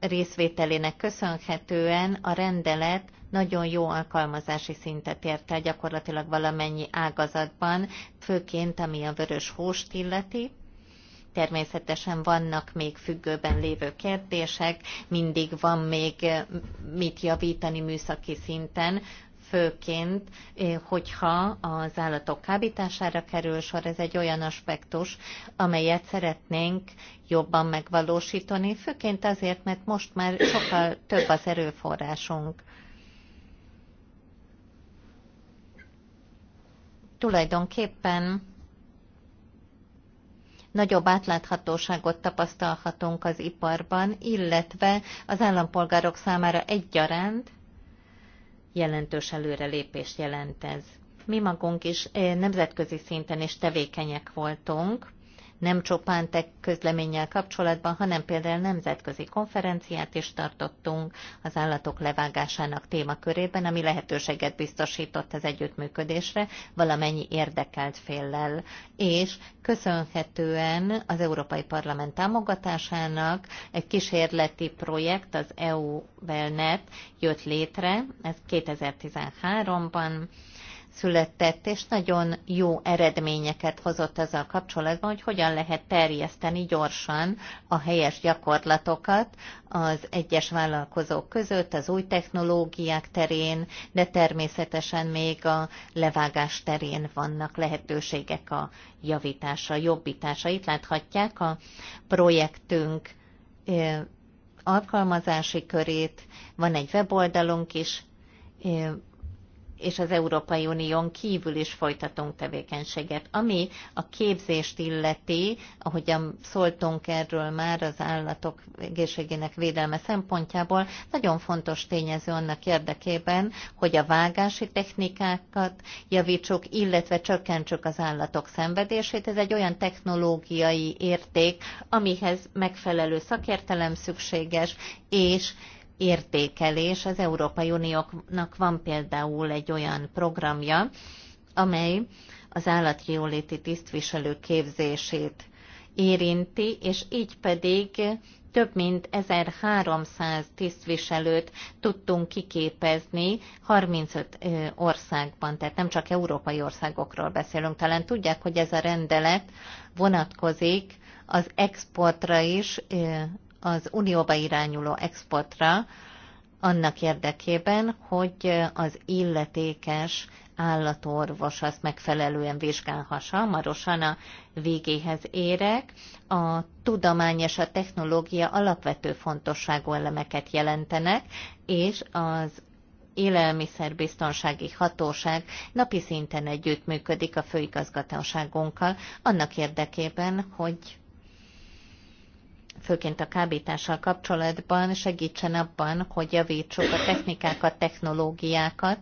részvételének köszönhetően a rendelet nagyon jó alkalmazási szintet ért el gyakorlatilag valamennyi ágazatban, főként ami a vörös húst illeti, Természetesen vannak még függőben lévő kérdések, mindig van még eh, mit javítani műszaki szinten, főként, eh, hogyha az állatok kábítására kerül sor, ez egy olyan aspektus, amelyet szeretnénk jobban megvalósítani, főként azért, mert most már sokkal több az erőforrásunk. Tulajdonképpen nagyobb átláthatóságot tapasztalhatunk az iparban, illetve az állampolgárok számára egyaránt jelentős előrelépést jelent ez. Mi magunk is eh, nemzetközi szinten is tevékenyek voltunk, nem csupán tech közleménnyel kapcsolatban, hanem például nemzetközi konferenciát is tartottunk az állatok levágásának témakörében, ami lehetőséget biztosított az együttműködésre valamennyi érdekelt féllel. És köszönhetően az Európai Parlament támogatásának egy kísérleti projekt, az EU Wellnet jött létre, ez 2013-ban, született, és nagyon jó eredményeket hozott ezzel kapcsolatban, hogy hogyan lehet terjeszteni gyorsan a helyes gyakorlatokat az egyes vállalkozók között, az új technológiák terén, de természetesen még a levágás terén vannak lehetőségek a a jobbítása Itt láthatják a projektünk alkalmazási körét, van egy weboldalunk is, és az Európai Unión kívül is folytatunk tevékenységet. Ami a képzést illeti, ahogyan szóltunk erről már az állatok egészségének védelme szempontjából, nagyon fontos tényező annak érdekében, hogy a vágási technikákat javítsuk, illetve csökkentsük az állatok szenvedését. Ez egy olyan technológiai érték, amihez megfelelő szakértelem szükséges, és értékelés. Az Európai Uniónak van például egy olyan programja, amely az állatjóléti tisztviselő képzését érinti, és így pedig több mint 1300 tisztviselőt tudtunk kiképezni 35 országban, tehát nem csak európai országokról beszélünk. Talán tudják, hogy ez a rendelet vonatkozik az exportra is, az unióba irányuló exportra, annak érdekében, hogy az illetékes állatorvos azt megfelelően vizsgálhassa. Marosan a végéhez érek. A tudomány és a technológia alapvető fontosságú elemeket jelentenek, és az élelmiszerbiztonsági hatóság napi szinten együttműködik a főigazgatóságunkkal annak érdekében, hogy főként a kábítással kapcsolatban segítsen abban, hogy javítsuk a technikákat, technológiákat,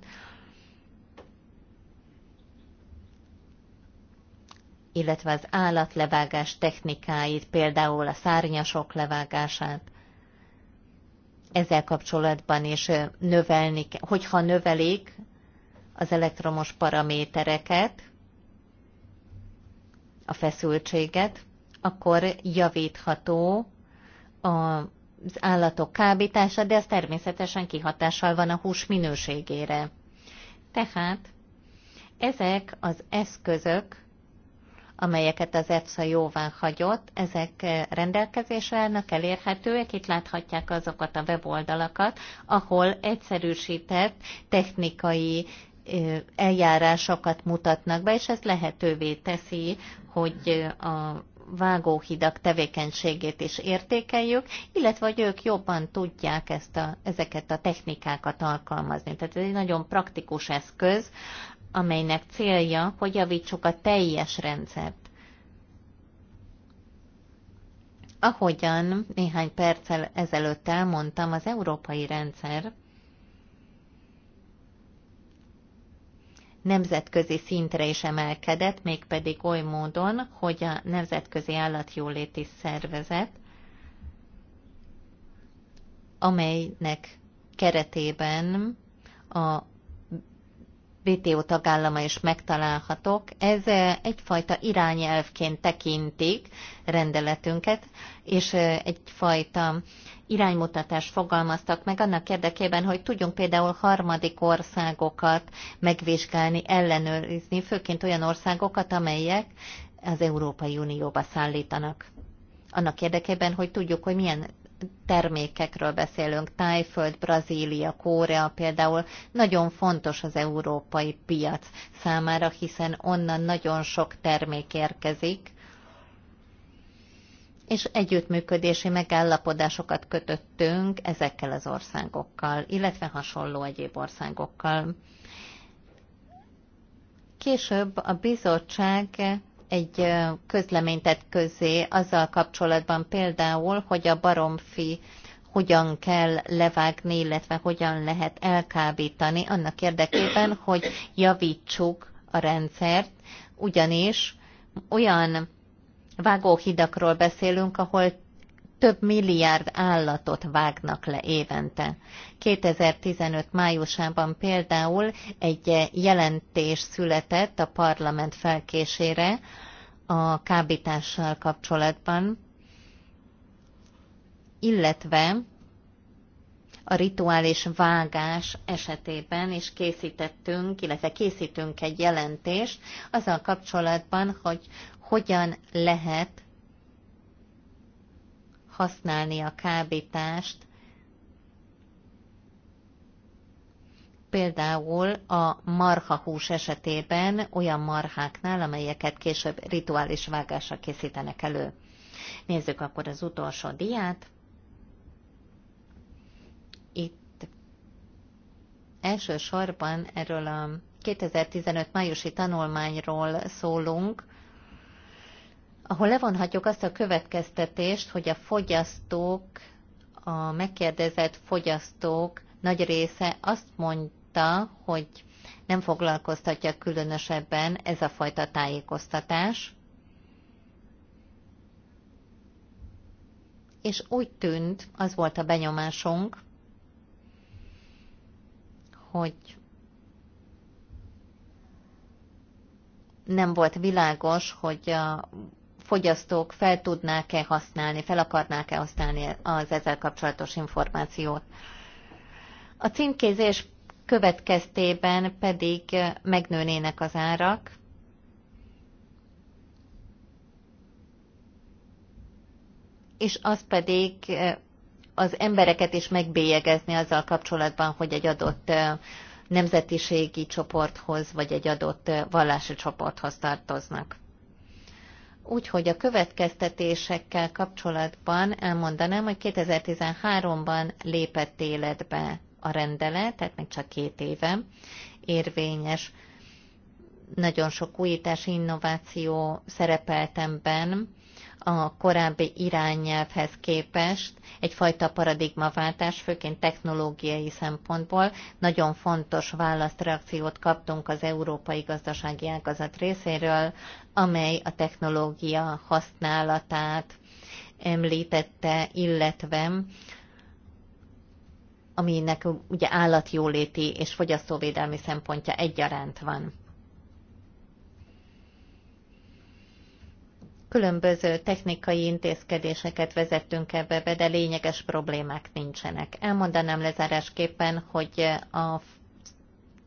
illetve az állatlevágás technikáit, például a szárnyasok levágását. Ezzel kapcsolatban is növelni, hogyha növelik az elektromos paramétereket, a feszültséget, akkor javítható az állatok kábítása, de ez természetesen kihatással van a hús minőségére. Tehát ezek az eszközök, amelyeket az EFSA jóvá hagyott, ezek rendelkezésre állnak, elérhetőek. Itt láthatják azokat a weboldalakat, ahol egyszerűsített technikai eljárásokat mutatnak be, és ez lehetővé teszi, hogy a vágóhidak tevékenységét is értékeljük, illetve hogy ők jobban tudják ezt a, ezeket a technikákat alkalmazni. Tehát ez egy nagyon praktikus eszköz, amelynek célja, hogy javítsuk a teljes rendszert. Ahogyan néhány perccel ezelőtt elmondtam, az európai rendszer nemzetközi szintre is emelkedett, mégpedig oly módon, hogy a Nemzetközi Állatjóléti Szervezet, amelynek keretében a WTO tagállama is megtalálhatók. Ez eh, egyfajta irányelvként tekintik rendeletünket, és eh, egyfajta iránymutatást fogalmaztak meg annak érdekében, hogy tudjunk például harmadik országokat megvizsgálni, ellenőrizni, főként olyan országokat, amelyek az Európai Unióba szállítanak. Annak érdekében, hogy tudjuk, hogy milyen termékekről beszélünk, Tájföld, Brazília, Korea például, nagyon fontos az európai piac számára, hiszen onnan nagyon sok termék érkezik, és együttműködési megállapodásokat kötöttünk ezekkel az országokkal, illetve hasonló egyéb országokkal. Később a bizottság egy közleményt tett közé azzal kapcsolatban például, hogy a baromfi hogyan kell levágni, illetve hogyan lehet elkábítani annak érdekében, hogy javítsuk a rendszert, ugyanis olyan vágóhidakról beszélünk, ahol több milliárd állatot vágnak le évente. 2015 májusában például egy jelentés született a parlament felkésére a kábítással kapcsolatban, illetve a rituális vágás esetében is készítettünk, illetve készítünk egy jelentést azzal kapcsolatban, hogy hogyan lehet használni a kábítást, például a marhahús esetében olyan marháknál, amelyeket később rituális vágásra készítenek elő. Nézzük akkor az utolsó diát. Itt elsősorban erről a 2015 májusi tanulmányról szólunk, ahol levonhatjuk azt a következtetést, hogy a fogyasztók, a megkérdezett fogyasztók nagy része azt mondta, hogy nem foglalkoztatja különösebben ez a fajta tájékoztatás, és úgy tűnt, az volt a benyomásunk, hogy nem volt világos, hogy a fogyasztók fel tudnák-e használni, fel akarnák-e használni az ezzel kapcsolatos információt. A címkézés következtében pedig megnőnének az árak, és az pedig az embereket is megbélyegezni azzal kapcsolatban, hogy egy adott nemzetiségi csoporthoz, vagy egy adott vallási csoporthoz tartoznak. Úgyhogy a következtetésekkel kapcsolatban elmondanám, hogy 2013-ban lépett életbe a rendelet, tehát még csak két éve érvényes. Nagyon sok újítás, innováció szerepeltem a korábbi irányelvhez képest egyfajta paradigmaváltás, főként technológiai szempontból nagyon fontos választreakciót kaptunk az európai gazdasági ágazat részéről, amely a technológia használatát említette, illetve aminek ugye állatjóléti és fogyasztóvédelmi szempontja egyaránt van. Különböző technikai intézkedéseket vezettünk ebbe be, de lényeges problémák nincsenek. Elmondanám lezárásképpen, hogy a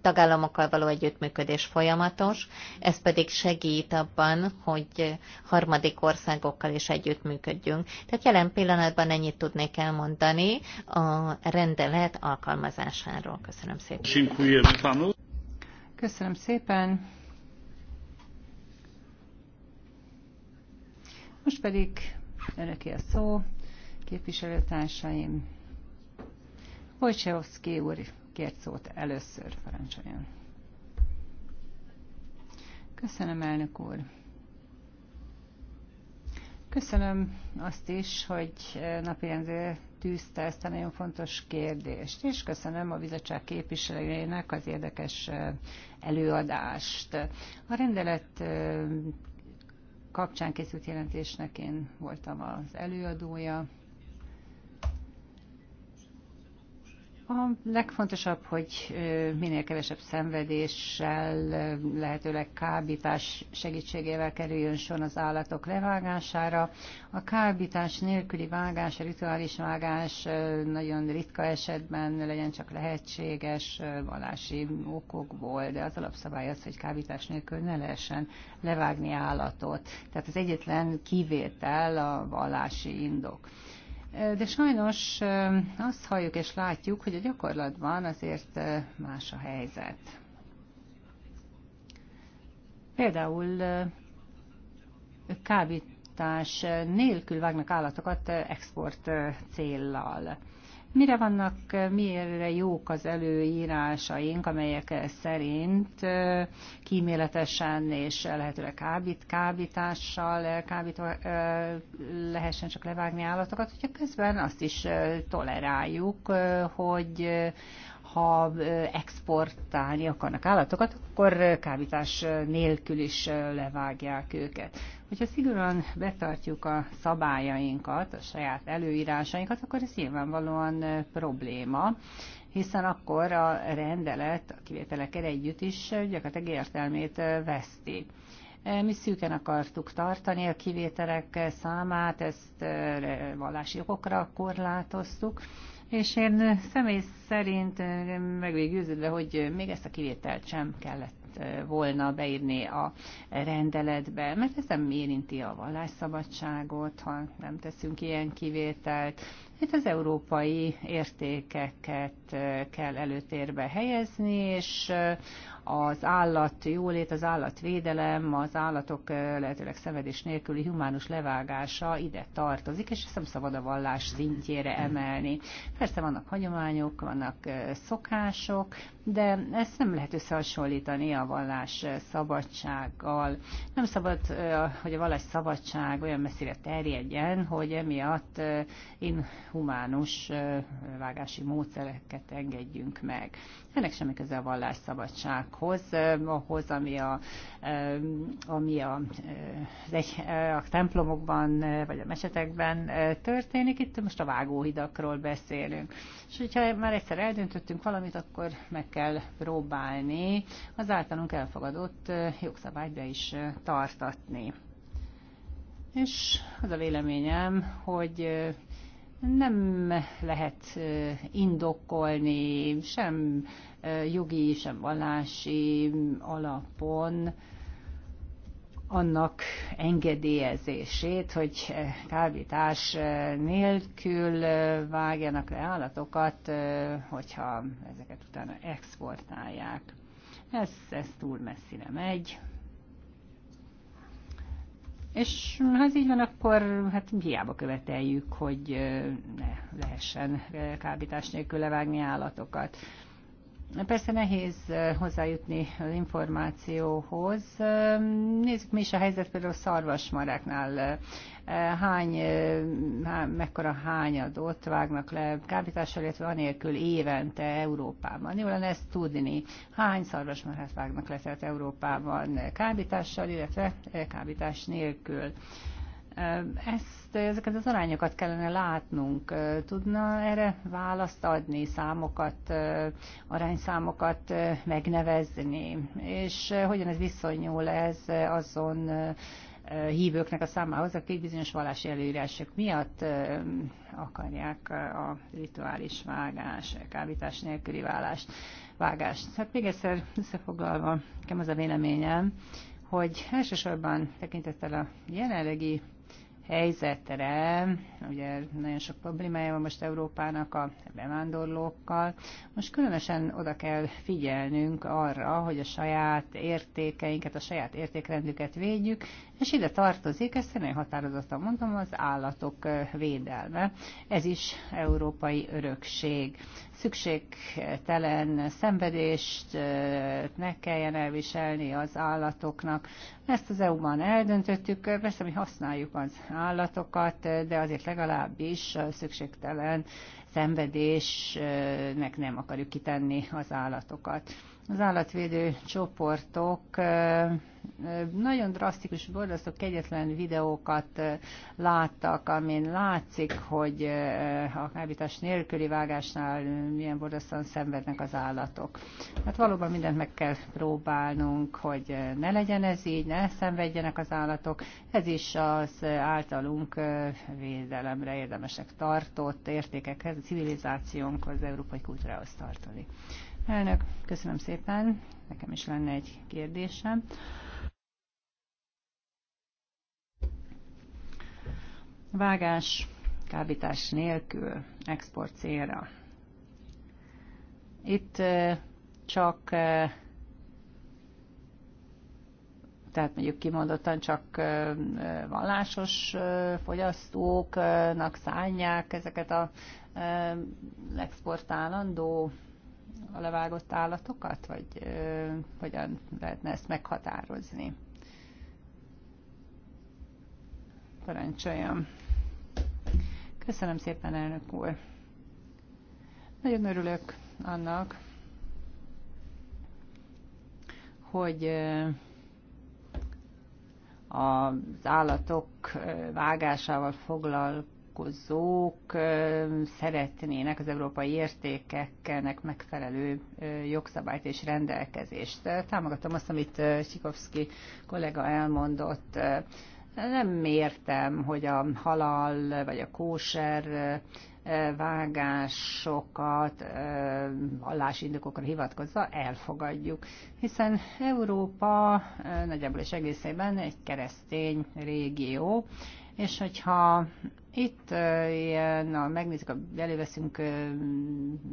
tagállamokkal való együttműködés folyamatos, ez pedig segít abban, hogy harmadik országokkal is együttműködjünk. Tehát jelen pillanatban ennyit tudnék elmondani a rendelet alkalmazásáról. Köszönöm szépen. Köszönöm szépen. Most pedig önöké a szó, képviselőtársaim. Wojciechowski úr kért szót először, parancsoljon. Köszönöm, elnök úr. Köszönöm azt is, hogy eh, napirendre tűzte ezt a nagyon fontos kérdést, és köszönöm a bizottság képviselőjének az érdekes eh, előadást. A rendelet eh, kapcsán készült jelentésnek én voltam az előadója, A legfontosabb, hogy minél kevesebb szenvedéssel, lehetőleg kábítás segítségével kerüljön son az állatok levágására. A kábítás nélküli vágás, a rituális vágás nagyon ritka esetben legyen csak lehetséges valási okokból, de az alapszabály az, hogy kábítás nélkül ne lehessen levágni állatot. Tehát az egyetlen kivétel a vallási indok. De sajnos azt halljuk és látjuk, hogy a gyakorlatban azért más a helyzet. Például kábítás nélkül vágnak állatokat export céllal. Mire vannak, miért jók az előírásaink, amelyek szerint kíméletesen és lehetőleg kábít, kábítással elkábító, lehessen csak levágni állatokat, hogyha közben azt is toleráljuk, hogy ha exportálni akarnak állatokat, akkor kábítás nélkül is levágják őket. Hogyha szigorúan betartjuk a szabályainkat, a saját előírásainkat, akkor ez nyilvánvalóan probléma, hiszen akkor a rendelet a kivételekkel együtt is gyakorlatilag értelmét veszti. Mi szűken akartuk tartani a kivételek számát, ezt vallási okokra korlátoztuk, és én személy szerint meg vagyok győződve, hogy még ezt a kivételt sem kellett kellett volna beírni a rendeletbe, mert ez nem érinti a vallásszabadságot, ha nem teszünk ilyen kivételt. Itt az európai értékeket kell előtérbe helyezni, és az állat jólét, az állatvédelem, az állatok lehetőleg szenvedés nélküli humánus levágása ide tartozik, és ezt nem szabad a vallás szintjére emelni. Persze vannak hagyományok, vannak szokások, de ezt nem lehet összehasonlítani a vallás eh, szabadsággal. Nem szabad, eh, hogy a vallás szabadság olyan messzire terjedjen, hogy emiatt eh, inhumánus vágási módszereket engedjünk meg. Ennek semmi köze a vallás szabadsághoz, ahhoz, ami a, ami a, egy, a templomokban vagy a mesetekben történik. Itt most a vágóhidakról beszélünk. És hogyha már egyszer eldöntöttünk valamit, akkor meg kell próbálni az általunk elfogadott jogszabályt be is tartatni. És az a véleményem, hogy nem lehet indokolni sem jogi, sem vallási alapon annak engedélyezését, hogy eh, kábítás eh, nélkül eh, vágjanak le állatokat, hogyha ezeket utána exportálják. Ez, ez túl messzire megy. És ha ez így van, akkor hát hiába követeljük, hogy ne lehessen kábítás nélkül levágni állatokat. Persze nehéz hozzájutni az információhoz. Nézzük mi is a helyzet például szarvasmaráknál. Hány, hány mekkora hányadot vágnak le kábítással, illetve anélkül évente Európában. Jó lenne ezt tudni. Hány szarvasmarát vágnak le tehát Európában kábítással, illetve kábítás nélkül. Ezt, ezeket az arányokat kellene látnunk. Tudna erre választ adni, számokat, arányszámokat megnevezni, és hogyan ez viszonyul ez azon hívőknek a számához, akik bizonyos vallási előírások miatt akarják a rituális vágás, kábítás nélküli vállást, vágást. Hát még egyszer összefoglalva, nekem az a véleményem, hogy elsősorban tekintettel a jelenlegi helyzetre. Ugye nagyon sok problémája van most Európának a bevándorlókkal. Most különösen oda kell figyelnünk arra, hogy a saját értékeinket, a saját értékrendüket védjük, és ide tartozik, ezt én határozottan mondom, az állatok védelme. Ez is európai örökség. Szükségtelen szenvedést ne kelljen elviselni az állatoknak. Ezt az EU-ban eldöntöttük, persze mi használjuk az állatokat, de azért legalábbis szükségtelen szenvedésnek nem akarjuk kitenni az állatokat az állatvédő csoportok nagyon drasztikus, borzasztó kegyetlen videókat láttak, amin látszik, hogy a kábítás nélküli vágásnál milyen borzasztóan szenvednek az állatok. Hát valóban mindent meg kell próbálnunk, hogy ne legyen ez így, ne szenvedjenek az állatok. Ez is az általunk védelemre érdemesek tartott értékekhez, a civilizációnkhoz, az európai kultúrához tartozik. Elnök, köszönöm szépen. Nekem is lenne egy kérdésem. Vágás kábítás nélkül export célra. Itt csak tehát mondjuk kimondottan csak vallásos fogyasztóknak szállják ezeket a exportálandó a levágott állatokat, vagy ö, hogyan lehetne ezt meghatározni? Parancsoljam. Köszönöm szépen, elnök úr. Nagyon örülök annak, hogy az állatok vágásával foglalkozik, vállalkozók szeretnének az európai értékeknek megfelelő jogszabályt és rendelkezést. Támogatom azt, amit Sikovszki kollega elmondott. Nem értem, hogy a halal vagy a kóser vágásokat indokokra hivatkozva elfogadjuk, hiszen Európa nagyjából és egészében egy keresztény régió, és hogyha itt na, megnézzük, a előveszünk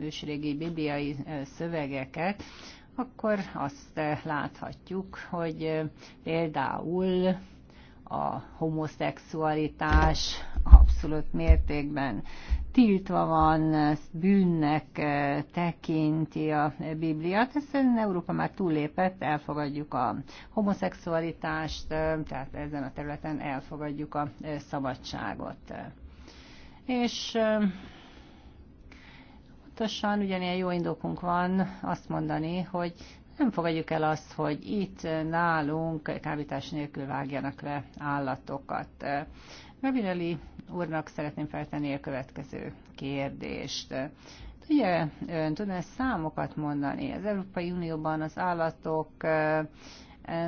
ősrégi bibliai szövegeket, akkor azt láthatjuk, hogy például a homoszexualitás abszolút mértékben tiltva van, ezt bűnnek eh, tekinti a Biblia. Ezt Európa már túllépett, elfogadjuk a homoszexualitást, eh, tehát ezen a területen elfogadjuk a eh, szabadságot. És pontosan ugyanilyen jó indokunk van azt mondani, hogy nem fogadjuk el azt, hogy itt nálunk kábítás nélkül vágjanak le állatokat. Gavinelli úrnak szeretném feltenni a következő kérdést. Ugye ön tudná számokat mondani? Az Európai Unióban az állatok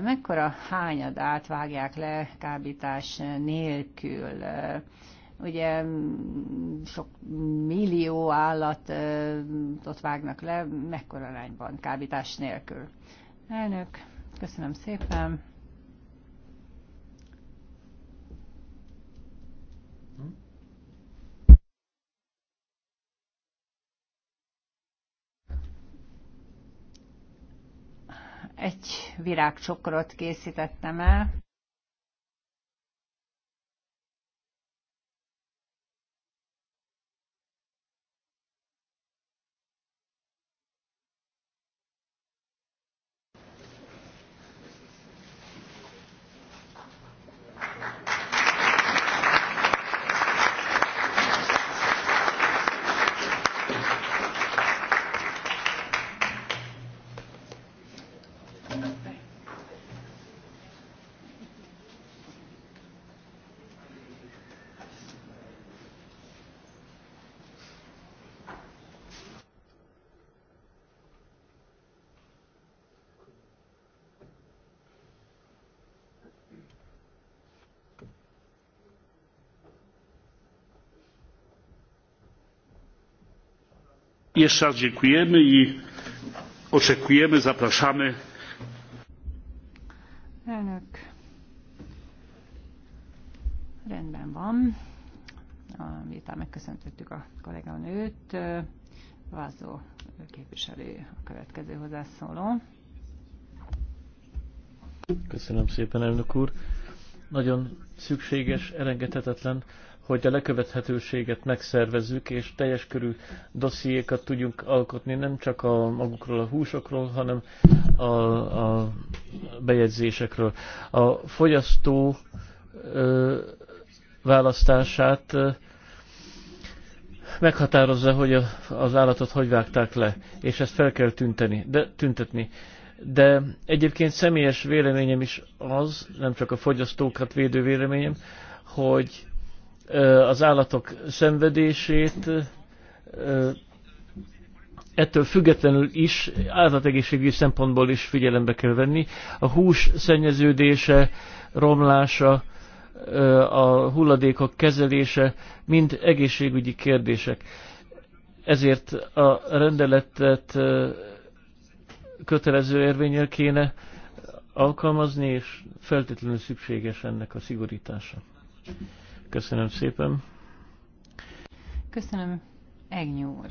mekkora hányadát vágják le kábítás nélkül? ugye mm, sok millió állatot vágnak le, mekkora arányban, kábítás nélkül. Elnök, köszönöm szépen. Egy virágcsokrot készítettem el. jeszcze raz dziękujemy i oczekujemy zapraszamy Elnök. Rendben van. Miután megköszöntöttük a kolléganőt, Vázó képviselő a következő hozzászóló. Köszönöm szépen, elnök úr nagyon szükséges, elengedhetetlen, hogy a lekövethetőséget megszervezzük, és teljes körű dossziékat tudjunk alkotni, nem csak a magukról, a húsokról, hanem a, a bejegyzésekről. A fogyasztó ö, választását ö, meghatározza, hogy a, az állatot hogy vágták le, és ezt fel kell tünteni, de tüntetni de egyébként személyes véleményem is az, nem csak a fogyasztókat védő véleményem, hogy az állatok szenvedését ettől függetlenül is állategészségügyi szempontból is figyelembe kell venni. A hús szennyeződése, romlása, a hulladékok kezelése mind egészségügyi kérdések. Ezért a rendeletet kötelező érvényel kéne alkalmazni, és feltétlenül szükséges ennek a szigorítása. Köszönöm szépen. Köszönöm, Egnyi úr.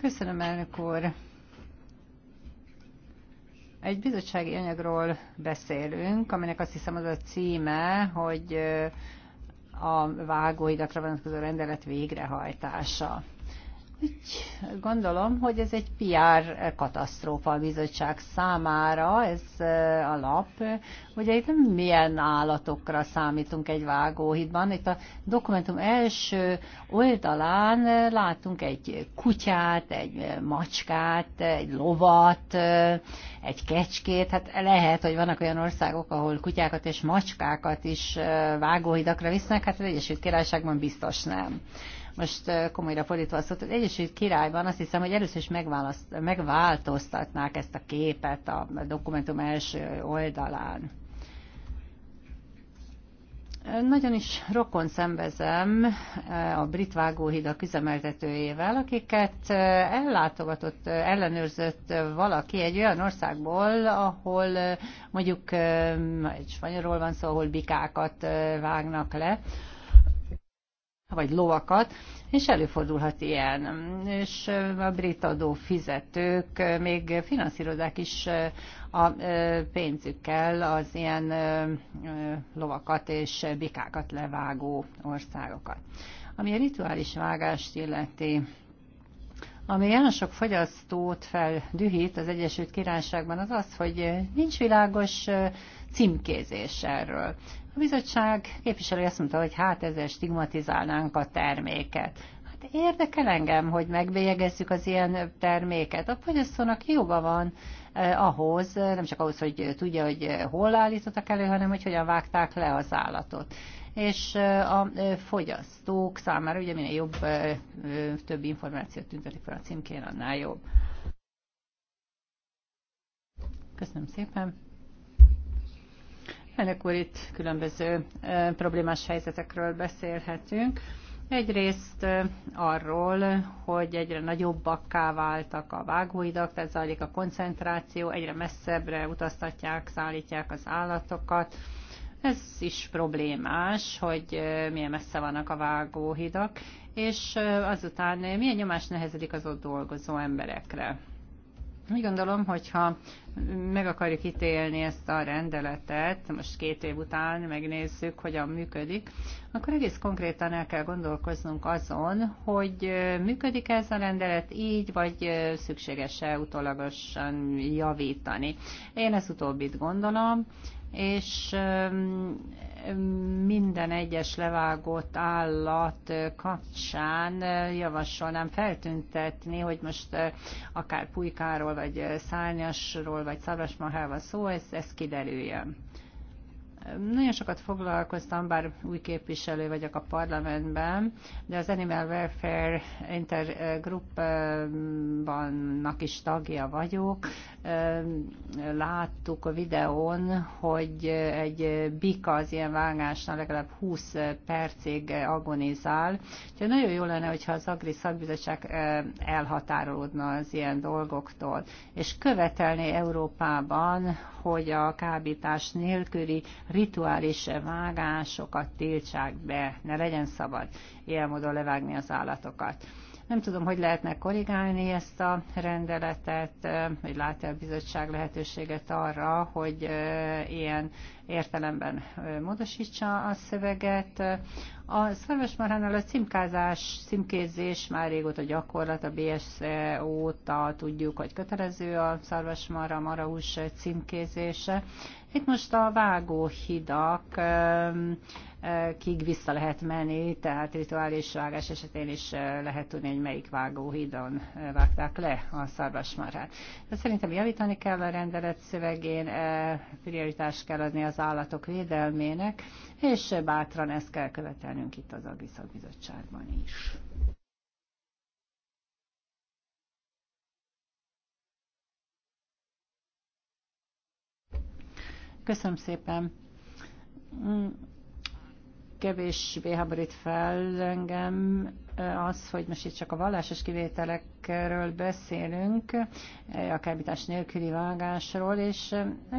Köszönöm, elnök úr. Egy bizottsági anyagról beszélünk, aminek azt hiszem az a címe, hogy a vágóidatra vonatkozó rendelet végrehajtása. Úgy gondolom, hogy ez egy PR katasztrófa a bizottság számára, ez a lap. Ugye itt milyen állatokra számítunk egy vágóhídban. Itt a dokumentum első oldalán látunk egy kutyát, egy macskát, egy lovat, egy kecskét. Hát lehet, hogy vannak olyan országok, ahol kutyákat és macskákat is vágóhidakra visznek, hát az Egyesült Királyságban biztos nem most komolyra fordítva azt mondta, hogy Egyesült Királyban azt hiszem, hogy először is megváltoztatnák ezt a képet a dokumentum első oldalán. Nagyon is rokon szembezem a brit vágóhidak üzemeltetőjével, akiket ellátogatott, ellenőrzött valaki egy olyan országból, ahol mondjuk egy spanyolról van szó, ahol bikákat vágnak le, vagy lovakat, és előfordulhat ilyen. És a brit adófizetők még finanszírozák is a pénzükkel az ilyen lovakat és bikákat levágó országokat. Ami a rituális vágást illeti, ami olyan sok fogyasztót feldühít az Egyesült Királyságban, az az, hogy nincs világos címkézés erről. A bizottság képviselője azt mondta, hogy hát ezzel stigmatizálnánk a terméket. Hát érdekel engem, hogy megbélyegezzük az ilyen terméket. A fogyasztónak joga van eh, ahhoz, nem csak ahhoz, hogy tudja, hogy hol állítottak elő, hanem hogy hogyan vágták le az állatot és eh, a eh, fogyasztók számára ugye minél jobb, eh, több információt tüntetik fel a címkén, annál jobb. Köszönöm szépen! Ennek úr itt különböző problémás helyzetekről beszélhetünk. Egyrészt arról, hogy egyre nagyobbakká váltak a vágóidak, tehát zajlik a koncentráció, egyre messzebbre utaztatják, szállítják az állatokat. Ez is problémás, hogy milyen messze vannak a vágóhidak, és azután milyen nyomás nehezedik az ott dolgozó emberekre. Úgy gondolom, hogyha meg akarjuk ítélni ezt a rendeletet, most két év után megnézzük, hogyan működik, akkor egész konkrétan el kell gondolkoznunk azon, hogy működik ez a rendelet így, vagy szükséges-e utólagosan javítani. Én ezt utóbbit gondolom, és minden egyes levágott állat kapcsán javasolnám feltüntetni, hogy most akár pulykáról, vagy szárnyasról, vagy szarvasmahával szó, ez, ez kiderüljön. Nagyon sokat foglalkoztam, bár új képviselő vagyok a parlamentben, de az Animal Welfare Intergroupbannak is tagja vagyok. Láttuk a videón, hogy egy bika az ilyen vágásnál legalább 20 percig agonizál. Úgyhogy nagyon jó lenne, hogyha az Agri Szakbizottság elhatárolódna az ilyen dolgoktól, és követelné Európában, hogy a kábítás nélküli rituális vágásokat tiltsák be, ne legyen szabad ilyen módon levágni az állatokat. Nem tudom, hogy lehetne korrigálni ezt a rendeletet, hogy lát-e a bizottság lehetőséget arra, hogy ilyen értelemben módosítsa a szöveget. A szarvasmarhánál a címkázás, címkézés már régóta gyakorlat, a BSZ e óta tudjuk, hogy kötelező a szarvasmarha, marahús címkézése. Itt most a vágóhidak kig vissza lehet menni, tehát rituális vágás esetén is lehet tudni, hogy melyik vágóhídon vágták le a szarvasmarhát. De szerintem javítani kell a rendelet szövegén, prioritást kell adni az állatok védelmének, és bátran ezt kell követelnünk itt az Agri Szakbizottságban is. Köszönöm szépen. Mm kevésbé háborít fel engem az, hogy most itt csak a vallásos kivételekről beszélünk, a kábítás nélküli vágásról, és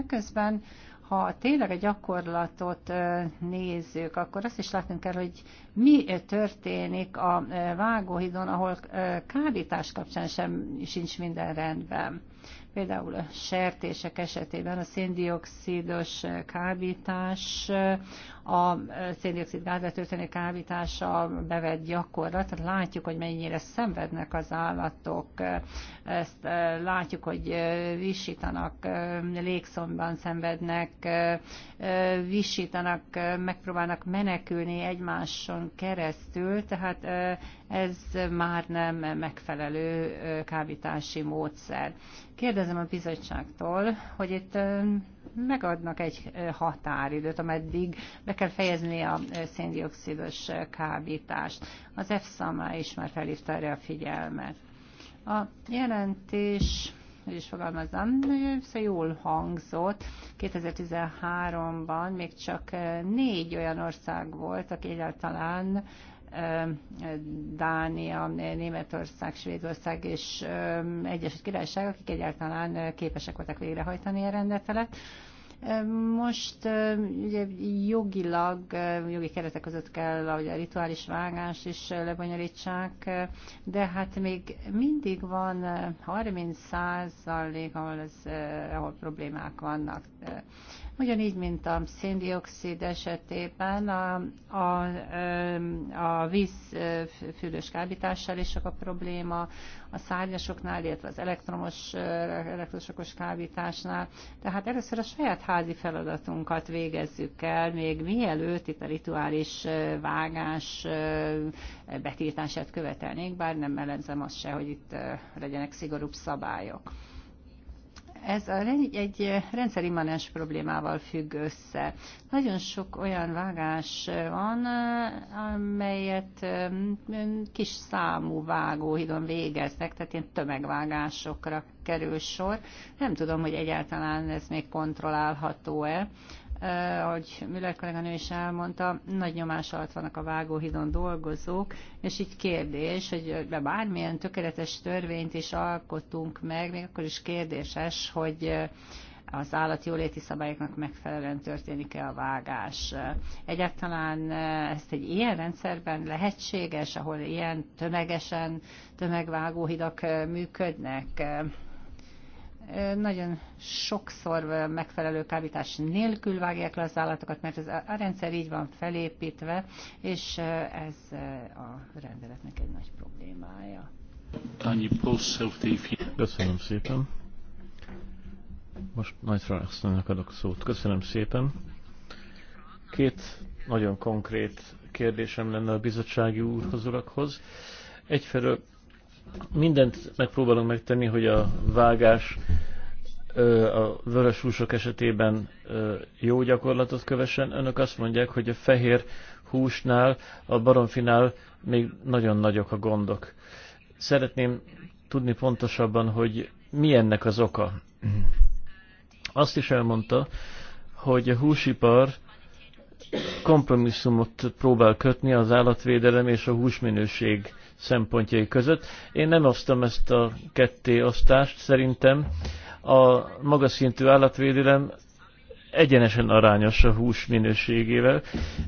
közben ha tényleg a gyakorlatot nézzük, akkor azt is látnunk kell, hogy mi történik a vágóhidon, ahol kábítás kapcsán sem sincs minden rendben. Például a sertések esetében a széndiokszidos kábítás, a széndiokszid gázra történő kábítása bevett gyakorlat. Tehát látjuk, hogy mennyire szenvednek az állatok, ezt e, látjuk, hogy e, visítanak, e, légszomban szenvednek, visítanak, megpróbálnak menekülni egymáson keresztül, tehát ez már nem megfelelő kábítási módszer. Kérdezem a bizottságtól, hogy itt megadnak egy határidőt, ameddig be kell fejezni a széndiokszidos kábítást. Az EFSA már is már felhívta erre a figyelmet. A jelentés hogy is fogalmazzam, jól hangzott. 2013-ban még csak négy olyan ország volt, aki egyáltalán Dánia, Németország, Svédország és Egyesült Királyság, akik egyáltalán képesek voltak végrehajtani a rendetelet. Most ugye jogilag, jogi keretek között kell ahogy a rituális vágás is lebonyolítsák, de hát még mindig van 30 százalék, ahol, ahol problémák vannak. Ugyanígy, mint a széndiokszid esetében a, a, a vízfülös kábítással is sok a probléma, a szárnyasoknál, illetve az elektromos, elektrosokos kábításnál. Tehát először a saját házi feladatunkat végezzük el, még mielőtt itt a rituális vágás betiltását követelnénk, bár nem ellenzem azt se, hogy itt legyenek szigorúbb szabályok. Ez a, egy rendszerimmanens problémával függ össze. Nagyon sok olyan vágás van, amelyet kis számú vágóhidon végeznek, tehát ilyen tömegvágásokra kerül sor. Nem tudom, hogy egyáltalán ez még kontrollálható-e. Eh, ahogy Müller kolléganő is elmondta, nagy nyomás alatt vannak a vágóhidon dolgozók, és így kérdés, hogy be bármilyen tökéletes törvényt is alkotunk meg, még akkor is kérdéses, hogy eh, az állatjóléti szabályoknak megfelelően történik-e a vágás. Egyáltalán eh, ezt egy ilyen rendszerben lehetséges, ahol ilyen tömegesen tömegvágóhidak működnek, nagyon sokszor megfelelő kábítás nélkül vágják le az állatokat, mert ez a rendszer így van felépítve, és ez a rendeletnek egy nagy problémája. Köszönöm szépen. Most Nagy Fraxtonnak adok szót. Köszönöm szépen. Két nagyon konkrét kérdésem lenne a bizottsági úrhoz, urakhoz. Egyfelől mindent megpróbálunk megtenni, hogy a vágás a vörös húsok esetében jó gyakorlatot kövessen. Önök azt mondják, hogy a fehér húsnál, a baromfinál még nagyon nagyok a gondok. Szeretném tudni pontosabban, hogy mi ennek az oka. Azt is elmondta, hogy a húsipar kompromisszumot próbál kötni az állatvédelem és a húsminőség szempontjai között. Én nem osztom ezt a ketté osztást, szerintem a magas szintű állatvédelem egyenesen arányos a hús minőségével.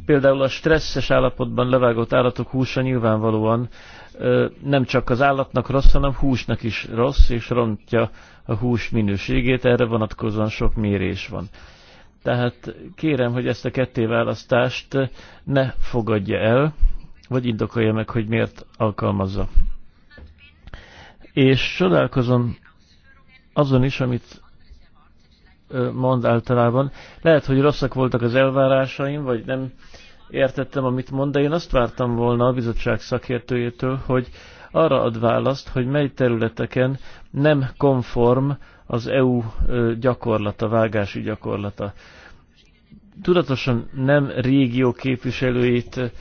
Például a stresszes állapotban levágott állatok húsa nyilvánvalóan ö, nem csak az állatnak rossz, hanem húsnak is rossz, és rontja a hús minőségét, erre vonatkozóan sok mérés van. Tehát kérem, hogy ezt a kettéválasztást ne fogadja el, vagy indokolja meg, hogy miért alkalmazza. És csodálkozom azon is, amit mond általában. Lehet, hogy rosszak voltak az elvárásaim, vagy nem értettem, amit mond, de én azt vártam volna a bizottság szakértőjétől, hogy arra ad választ, hogy mely területeken nem konform az EU gyakorlata, vágási gyakorlata. Tudatosan nem régió képviselőit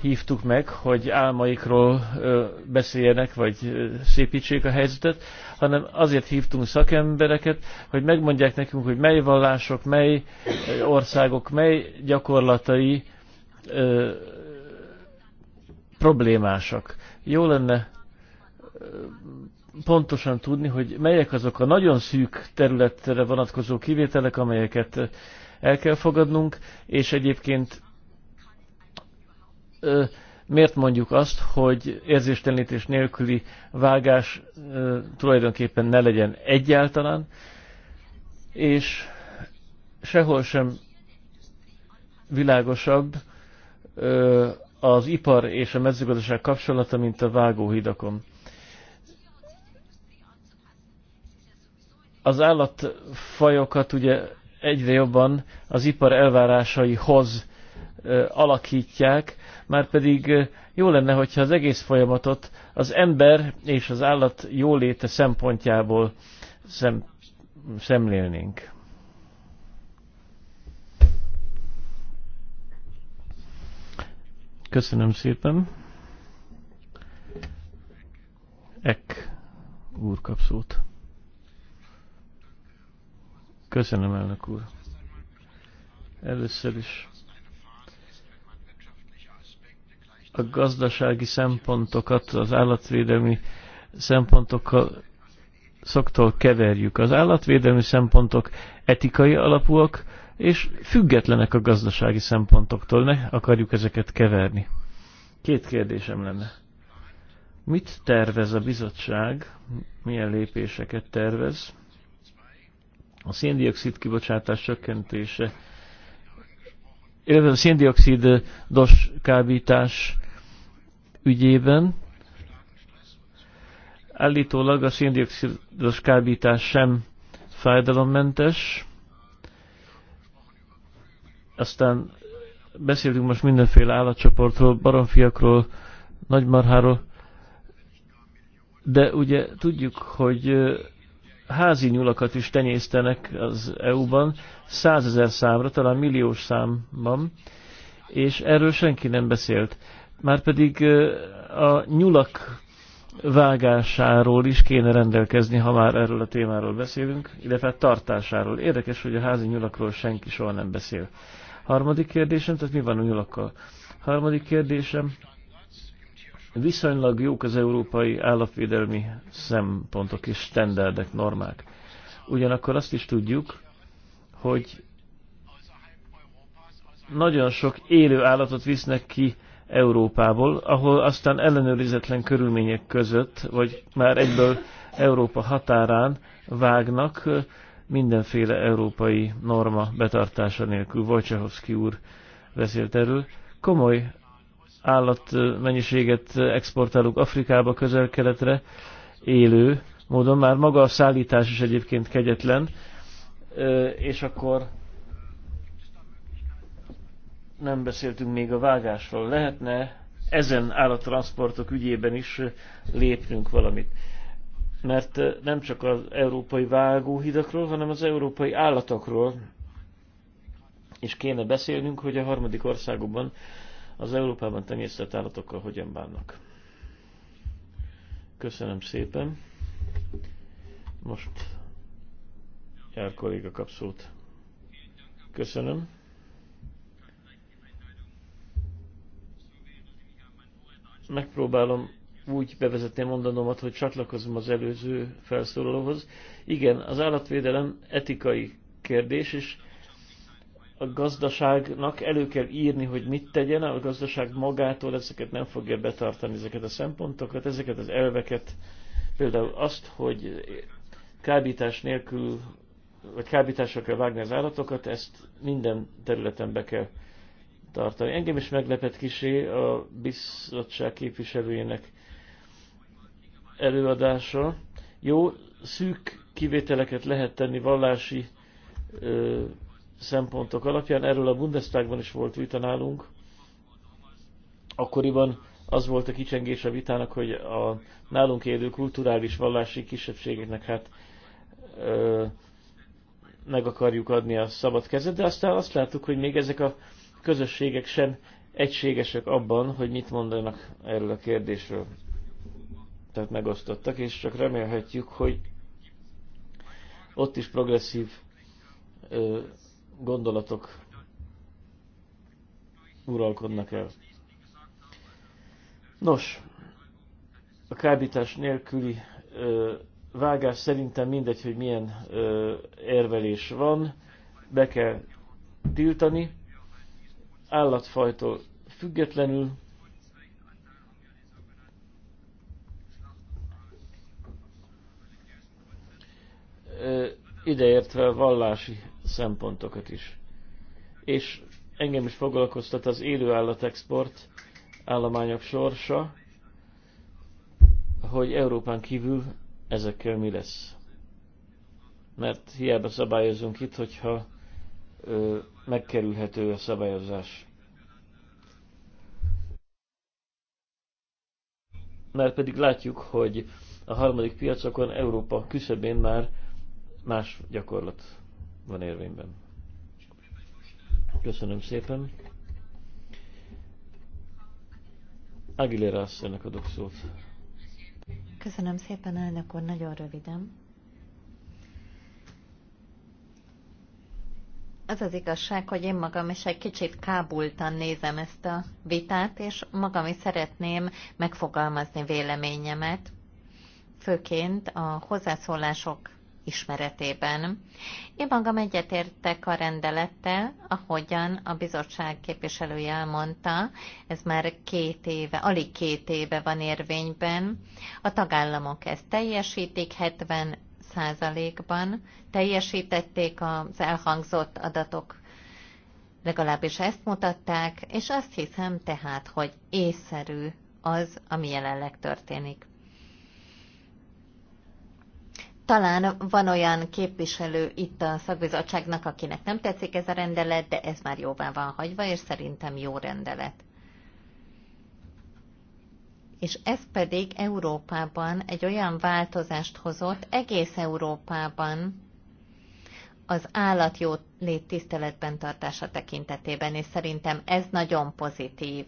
hívtuk meg, hogy álmaikról beszéljenek, vagy szépítsék a helyzetet, hanem azért hívtunk szakembereket, hogy megmondják nekünk, hogy mely vallások, mely országok, mely gyakorlatai problémásak. Jó lenne pontosan tudni, hogy melyek azok a nagyon szűk területre vonatkozó kivételek, amelyeket el kell fogadnunk, és egyébként miért mondjuk azt, hogy érzéstelenítés nélküli vágás tulajdonképpen ne legyen egyáltalán, és sehol sem világosabb az ipar és a mezőgazdaság kapcsolata, mint a vágóhidakon. Az állatfajokat ugye egyre jobban az ipar elvárásaihoz alakítják, már pedig jó lenne, hogyha az egész folyamatot az ember és az állat jóléte szempontjából szem, szemlélnénk. Köszönöm szépen. Ek úr kap szót. Köszönöm, elnök úr. Először is a gazdasági szempontokat az állatvédelmi szempontokkal szoktól keverjük. Az állatvédelmi szempontok etikai alapúak, és függetlenek a gazdasági szempontoktól, ne akarjuk ezeket keverni. Két kérdésem lenne. Mit tervez a bizottság, milyen lépéseket tervez? A széndiokszid kibocsátás csökkentése, illetve a széndiokszidos kábítás ügyében. Állítólag a széndiokszidos kábítás sem fájdalommentes. Aztán beszélünk most mindenféle állatcsoportról, baromfiakról, nagymarháról, de ugye tudjuk, hogy házi nyulakat is tenyésztenek az EU-ban, százezer számra, talán milliós számban, és erről senki nem beszélt. Márpedig a nyulak vágásáról is kéne rendelkezni, ha már erről a témáról beszélünk, illetve hát tartásáról. Érdekes, hogy a házi nyulakról senki soha nem beszél. Harmadik kérdésem, tehát mi van a nyulakkal? Harmadik kérdésem, viszonylag jók az európai állatvédelmi szempontok és standardek, normák. Ugyanakkor azt is tudjuk, hogy nagyon sok élő állatot visznek ki Európából, ahol aztán ellenőrizetlen körülmények között, vagy már egyből Európa határán vágnak mindenféle európai norma betartása nélkül. Wojciechowski úr beszélt erről. Komoly állatmennyiséget exportálunk Afrikába, közel-keletre élő módon. Már maga a szállítás is egyébként kegyetlen, és akkor nem beszéltünk még a vágásról. Lehetne ezen állattransportok ügyében is lépnünk valamit. Mert eh, nem csak az európai vágóhidakról, hanem az európai állatokról is kéne beszélnünk, hogy a harmadik országokban az Európában tenyésztett állatokkal hogyan bánnak. Köszönöm szépen. Most jár kolléga kap szót. Köszönöm. megpróbálom úgy bevezetni a mondanomat, hogy csatlakozom az előző felszólalóhoz. Igen, az állatvédelem etikai kérdés, és a gazdaságnak elő kell írni, hogy mit tegyen, a gazdaság magától ezeket nem fogja betartani, ezeket a szempontokat, ezeket az elveket, például azt, hogy kábítás nélkül, vagy kábításra kell vágni az állatokat, ezt minden területen be kell tartani. Engem is meglepett kisé a bizottság képviselőjének előadása. Jó, szűk kivételeket lehet tenni vallási ö, szempontok alapján. Erről a Bundestagban is volt vita nálunk. Akkoriban az volt a kicsengés a vitának, hogy a nálunk élő kulturális vallási kisebbségeknek hát ö, meg akarjuk adni a szabad kezet, de aztán azt láttuk, hogy még ezek a közösségek sem egységesek abban, hogy mit mondanak erről a kérdésről. Tehát megosztottak, és csak remélhetjük, hogy ott is progresszív ö, gondolatok uralkodnak el. Nos, a kábítás nélküli ö, vágás szerintem mindegy, hogy milyen ö, érvelés van, be kell tiltani, állatfajtól függetlenül ideértve a vallási szempontokat is. És engem is foglalkoztat az élő állatexport állományok sorsa, hogy Európán kívül ezekkel mi lesz. Mert hiába szabályozunk itt, hogyha megkerülhető a szabályozás. Mert pedig látjuk, hogy a harmadik piacokon Európa küszöbén már más gyakorlat van érvényben. Köszönöm szépen. Aguilera asszonynak adok szót. Köszönöm szépen, elnök úr, nagyon röviden. Az az igazság, hogy én magam is egy kicsit kábultan nézem ezt a vitát, és magam is szeretném megfogalmazni véleményemet, főként a hozzászólások ismeretében. Én magam egyetértek a rendelettel, ahogyan a bizottság képviselője elmondta, ez már két éve, alig két éve van érvényben. A tagállamok ezt teljesítik, 70 százalékban teljesítették az elhangzott adatok, legalábbis ezt mutatták, és azt hiszem tehát, hogy észszerű az, ami jelenleg történik. Talán van olyan képviselő itt a szakbizottságnak, akinek nem tetszik ez a rendelet, de ez már jóvá van hagyva, és szerintem jó rendelet és ez pedig Európában egy olyan változást hozott egész Európában az állatjólét tiszteletben tartása tekintetében, és szerintem ez nagyon pozitív.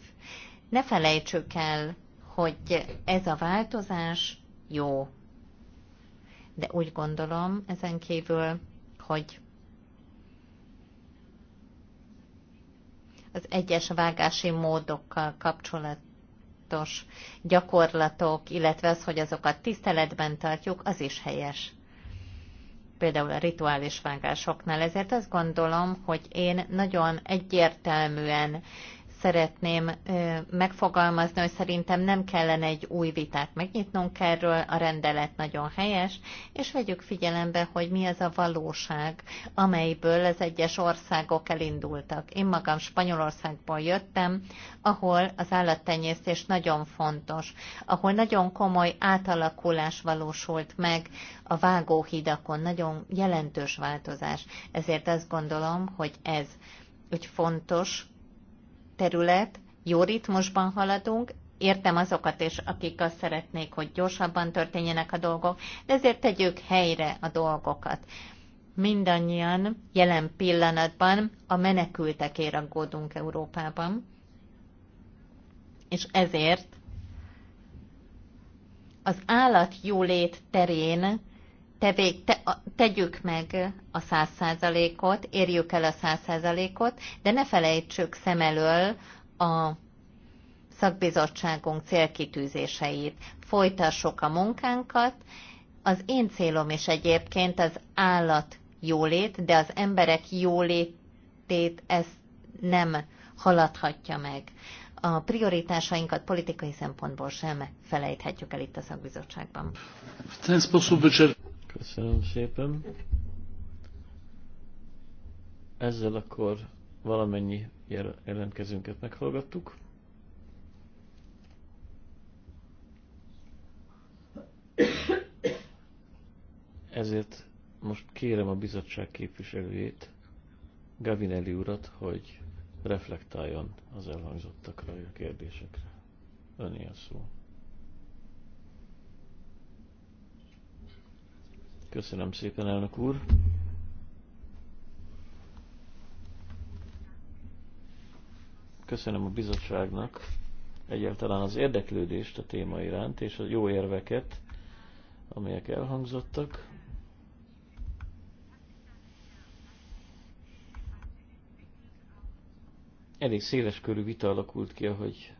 Ne felejtsük el, hogy ez a változás jó. De úgy gondolom ezen kívül, hogy az egyes vágási módokkal kapcsolat tudatos gyakorlatok, illetve az, hogy azokat tiszteletben tartjuk, az is helyes. Például a rituális vágásoknál. Ezért azt gondolom, hogy én nagyon egyértelműen szeretném megfogalmazni, hogy szerintem nem kellene egy új vitát megnyitnunk erről, a rendelet nagyon helyes, és vegyük figyelembe, hogy mi az a valóság, amelyből az egyes országok elindultak. Én magam Spanyolországból jöttem, ahol az állattenyésztés nagyon fontos, ahol nagyon komoly átalakulás valósult meg a vágóhidakon, nagyon jelentős változás. Ezért azt gondolom, hogy ez úgy fontos, terület, jó ritmusban haladunk, értem azokat is, akik azt szeretnék, hogy gyorsabban történjenek a dolgok, de ezért tegyük helyre a dolgokat. Mindannyian jelen pillanatban a menekültekért aggódunk Európában, és ezért az állatjólét terén vég, te, tegyük meg a száz százalékot, érjük el a száz százalékot, de ne felejtsük szem elől a szakbizottságunk célkitűzéseit. Folytassuk a munkánkat. Az én célom is egyébként az állat jólét, de az emberek jólétét ez nem haladhatja meg. A prioritásainkat politikai szempontból sem felejthetjük el itt a szakbizottságban. Köszönöm szépen. Ezzel akkor valamennyi jelentkezőnket meghallgattuk. Ezért most kérem a bizottság képviselőjét, Gavinelli urat, hogy reflektáljon az elhangzottakra, a kérdésekre. Önél szó. Köszönöm szépen, elnök úr. Köszönöm a bizottságnak egyáltalán az érdeklődést a téma iránt, és a jó érveket, amelyek elhangzottak. Elég széles körű vita alakult ki, ahogy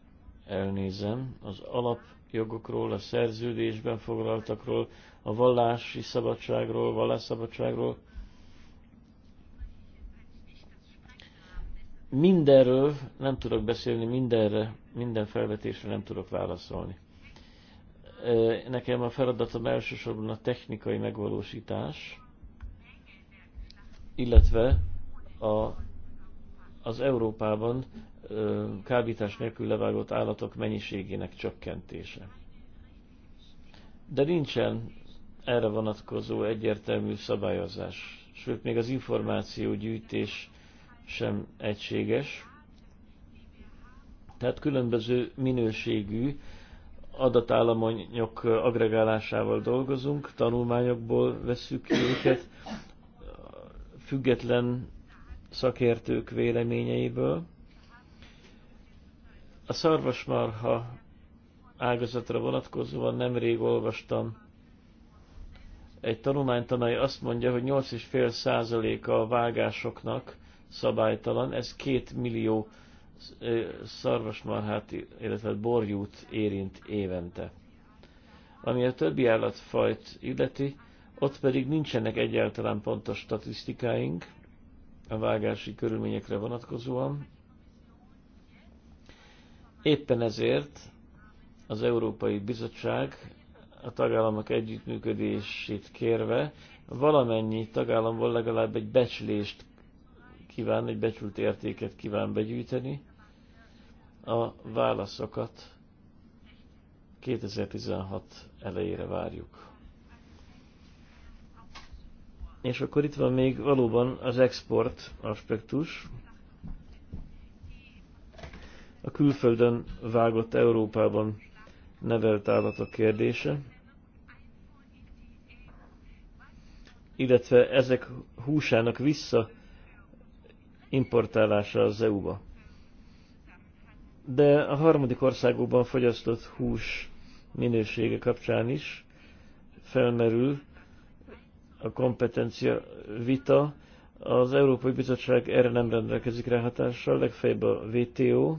elnézem, az alapjogokról, a szerződésben foglaltakról, a vallási szabadságról, vallásszabadságról. Mindenről nem tudok beszélni, mindenre, minden felvetésre nem tudok válaszolni. Nekem a feladatom elsősorban a technikai megvalósítás, illetve a, az Európában kábítás nélkül levágott állatok mennyiségének csökkentése. De nincsen erre vonatkozó egyértelmű szabályozás. Sőt, még az információgyűjtés sem egységes. Tehát különböző minőségű adatállományok agregálásával dolgozunk, tanulmányokból vesszük ki őket, független szakértők véleményeiből. A szarvasmarha ágazatra vonatkozóan nemrég olvastam egy amely azt mondja, hogy 8,5% a vágásoknak szabálytalan, ez 2 millió szarvasmarhát, illetve borjút érint évente. Ami a többi állatfajt illeti, ott pedig nincsenek egyáltalán pontos statisztikáink a vágási körülményekre vonatkozóan. Éppen ezért az Európai Bizottság a tagállamok együttműködését kérve, valamennyi tagállamból legalább egy becslést kíván, egy becsült értéket kíván begyűjteni, a válaszokat 2016 elejére várjuk. És akkor itt van még valóban az export aspektus. A külföldön vágott Európában nevelt állatok kérdése. illetve ezek húsának vissza importálása az EU-ba. De a harmadik országokban fogyasztott hús minősége kapcsán is felmerül a kompetencia vita. Az Európai Bizottság erre nem rendelkezik ráhatással, legfeljebb a WTO,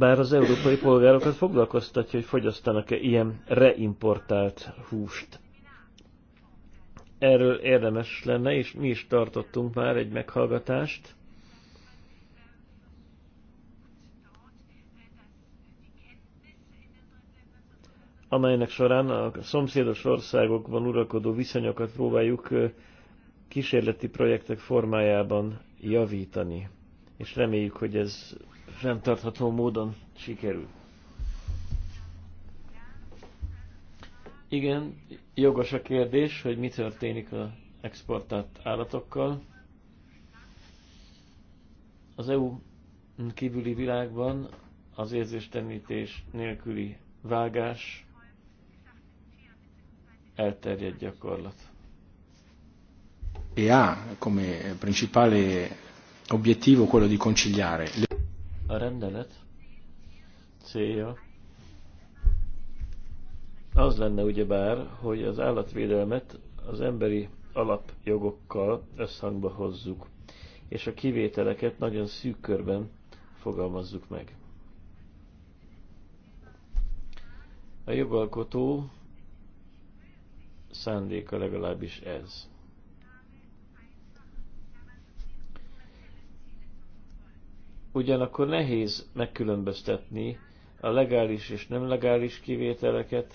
bár az európai polgárokat foglalkoztatja, hogy fogyasztanak-e ilyen reimportált húst. Erről érdemes lenne, és mi is tartottunk már egy meghallgatást. amelynek során a szomszédos országokban uralkodó viszonyokat próbáljuk kísérleti projektek formájában javítani. És reméljük, hogy ez fenntartható módon sikerül. Igen, jogos a kérdés, hogy mi történik a exportált állatokkal. Az EU kívüli világban az érzéstenítés nélküli vágás elterjedt gyakorlat. E ha come principale obiettivo quello di conciliare. A rendelet célja az lenne ugyebár, hogy az állatvédelmet az emberi alapjogokkal összhangba hozzuk, és a kivételeket nagyon szűk körben fogalmazzuk meg. A jogalkotó szándéka legalábbis ez. ugyanakkor nehéz megkülönböztetni a legális és nem legális kivételeket,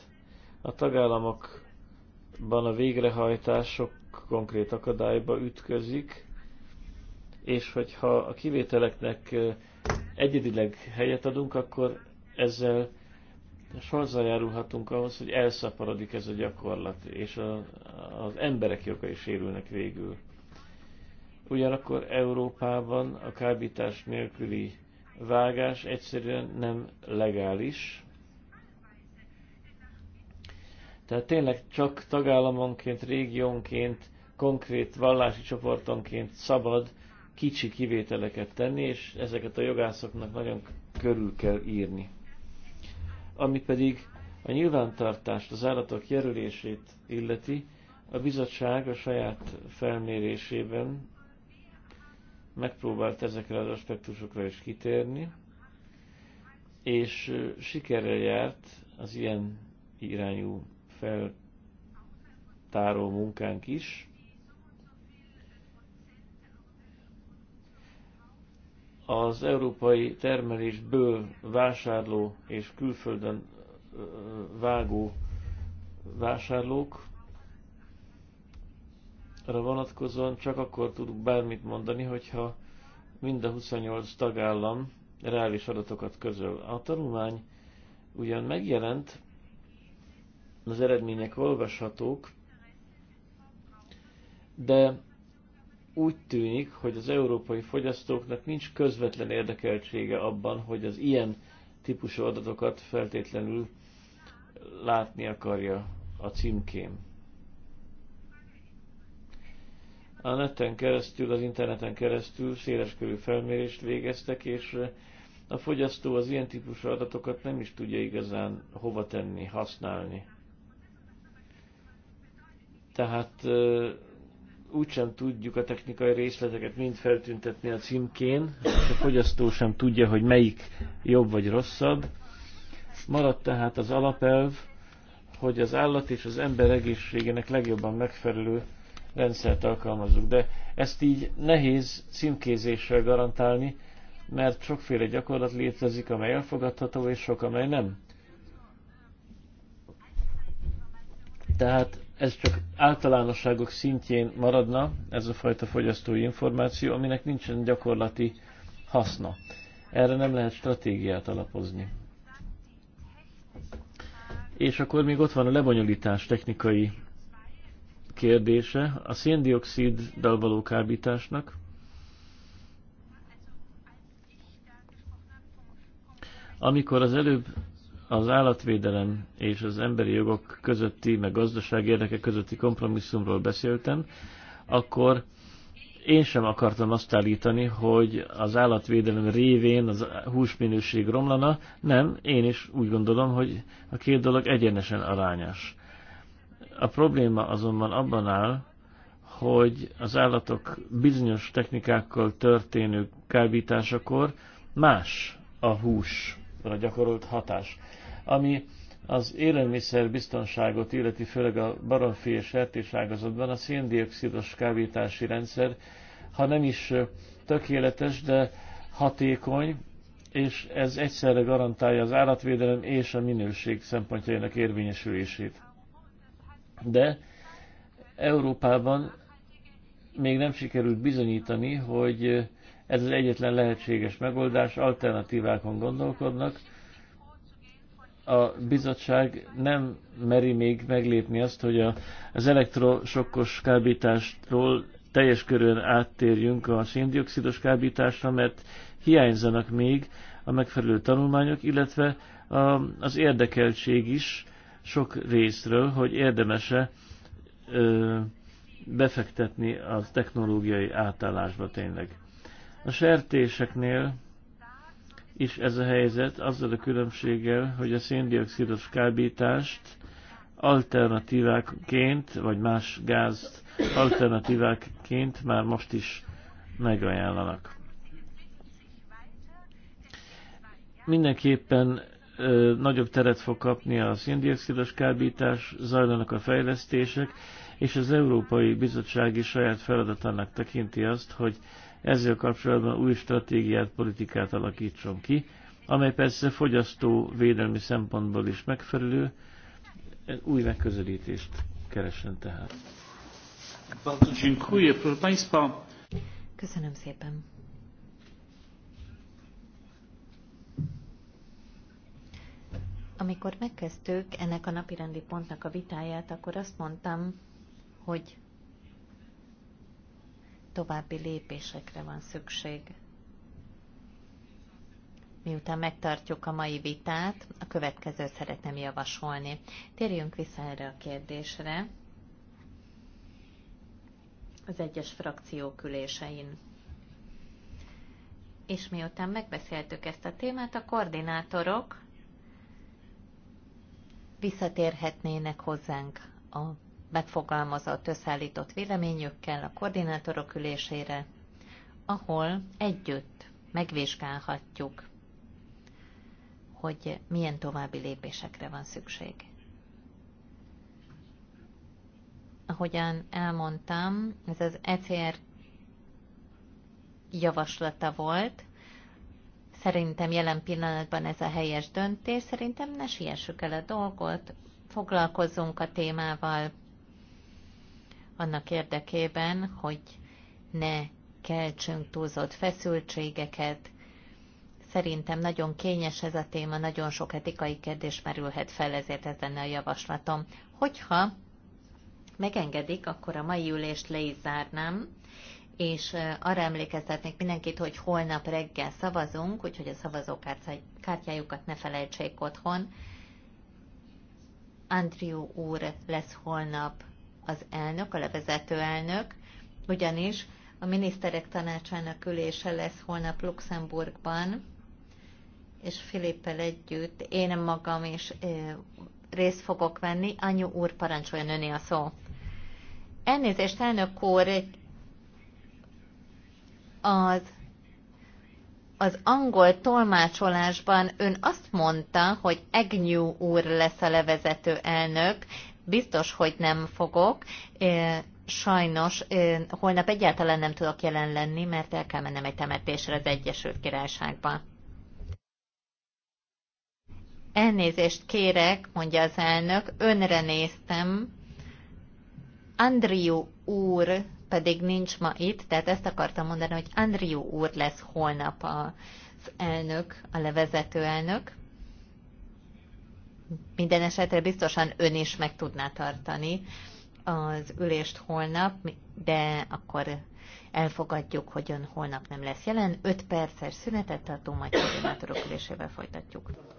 a tagállamokban a végrehajtások konkrét akadályba ütközik, és hogyha a kivételeknek egyedileg helyet adunk, akkor ezzel hozzájárulhatunk ahhoz, hogy elszaporodik ez a gyakorlat, és a, az emberek jogai sérülnek végül. Ugyanakkor Európában a kábítás nélküli vágás egyszerűen nem legális. Tehát tényleg csak tagállamonként, régiónként, konkrét vallási csoportonként szabad kicsi kivételeket tenni, és ezeket a jogászoknak nagyon körül kell írni. Ami pedig a nyilvántartást, az állatok jelölését illeti, a bizottság a saját felmérésében megpróbált ezekre az aspektusokra is kitérni, és sikerrel járt az ilyen irányú feltáró munkánk is. Az európai termelésből vásárló és külföldön vágó vásárlók vonatkozóan csak akkor tudunk bármit mondani, hogyha mind a 28 tagállam reális adatokat közöl. A tanulmány ugyan megjelent, az eredmények olvashatók, de úgy tűnik, hogy az európai fogyasztóknak nincs közvetlen érdekeltsége abban, hogy az ilyen típusú adatokat feltétlenül látni akarja a címkém. a neten keresztül, az interneten keresztül széleskörű felmérést végeztek, és eh, a fogyasztó az ilyen típusú adatokat nem is tudja igazán hova tenni, használni. Tehát eh, úgysem tudjuk a technikai részleteket mind feltüntetni a címkén, és a fogyasztó sem tudja, hogy melyik jobb vagy rosszabb. Maradt tehát az alapelv, hogy az állat és az ember egészségének legjobban megfelelő rendszert alkalmazzuk. De ezt így nehéz címkézéssel garantálni, mert sokféle gyakorlat létezik, amely elfogadható, és sok, amely nem. Tehát ez csak általánosságok szintjén maradna, ez a fajta fogyasztói információ, aminek nincsen gyakorlati haszna. Erre nem lehet stratégiát alapozni. És akkor még ott van a lebonyolítás technikai kérdése a széndioksziddal való kábításnak. Amikor az előbb az állatvédelem és az emberi jogok közötti, meg gazdasági érdekek közötti kompromisszumról beszéltem, akkor én sem akartam azt állítani, hogy az állatvédelem révén az húsminőség romlana. Nem, én is úgy gondolom, hogy a két dolog egyenesen arányos. A probléma azonban abban áll, hogy az állatok bizonyos technikákkal történő kábításakor más a húsra gyakorolt hatás. Ami az élelmiszer biztonságot, illeti főleg a baromfi és sertés ágazatban a széndiokszidos kábítási rendszer, ha nem is tökéletes, de hatékony, és ez egyszerre garantálja az állatvédelem és a minőség szempontjainak érvényesülését de Európában még nem sikerült bizonyítani, hogy ez az egyetlen lehetséges megoldás, alternatívákon gondolkodnak. A bizottság nem meri még meglépni azt, hogy a, az elektrosokkos kábítástól teljes körön áttérjünk a széndiokszidos kábításra, mert hiányzanak még a megfelelő tanulmányok, illetve a, az érdekeltség is, sok részről, hogy érdemese ö, befektetni a technológiai átállásba tényleg. A sertéseknél is ez a helyzet, azzal a különbséggel, hogy a széndiokszidos kábítást alternatíváként, vagy más gázt alternatíváként már most is megajánlanak. Mindenképpen nagyobb teret fog kapni a széndiokszidos kábítás, zajlanak a fejlesztések, és az Európai Bizottság is saját feladatának tekinti azt, hogy ezzel kapcsolatban új stratégiát, politikát alakítson ki, amely persze fogyasztó védelmi szempontból is megfelelő, új megközelítést keresen tehát. Köszönöm szépen. Amikor megkezdtük ennek a napirendi pontnak a vitáját, akkor azt mondtam, hogy további lépésekre van szükség. Miután megtartjuk a mai vitát, a következőt szeretném javasolni. Térjünk vissza erre a kérdésre az egyes frakciók ülésein. És miután megbeszéltük ezt a témát, a koordinátorok visszatérhetnének hozzánk a megfogalmazott, összeállított véleményükkel a koordinátorok ülésére, ahol együtt megvizsgálhatjuk, hogy milyen további lépésekre van szükség. Ahogyan elmondtam, ez az ECR javaslata volt, Szerintem jelen pillanatban ez a helyes döntés, szerintem ne siessük el a dolgot, foglalkozzunk a témával annak érdekében, hogy ne keltsünk túlzott feszültségeket. Szerintem nagyon kényes ez a téma, nagyon sok etikai kérdés merülhet fel, ezért ez lenne a javaslatom. Hogyha megengedik, akkor a mai ülést le is zárnám és arra emlékeztetnék mindenkit, hogy holnap reggel szavazunk, úgyhogy a szavazókártyájukat ne felejtsék otthon. Andrew úr lesz holnap az elnök, a levezető elnök, ugyanis a miniszterek tanácsának ülése lesz holnap Luxemburgban, és Filippel együtt én magam is részt fogok venni. Anyu úr, parancsoljon öné a szó. Elnézést, elnök úr, egy az, az angol tolmácsolásban ön azt mondta, hogy Egnyú úr lesz a levezető elnök, biztos, hogy nem fogok. Sajnos holnap egyáltalán nem tudok jelen lenni, mert el kell mennem egy temetésre az Egyesült Királyságba. Elnézést kérek, mondja az elnök, önre néztem. Andriu úr pedig nincs ma itt, tehát ezt akartam mondani, hogy Andrió úr lesz holnap az elnök, a levezető elnök. Minden esetre biztosan ön is meg tudná tartani az ülést holnap, de akkor elfogadjuk, hogy ön holnap nem lesz jelen. Öt perces szünetet tartunk, majd koordinátorok ülésével folytatjuk.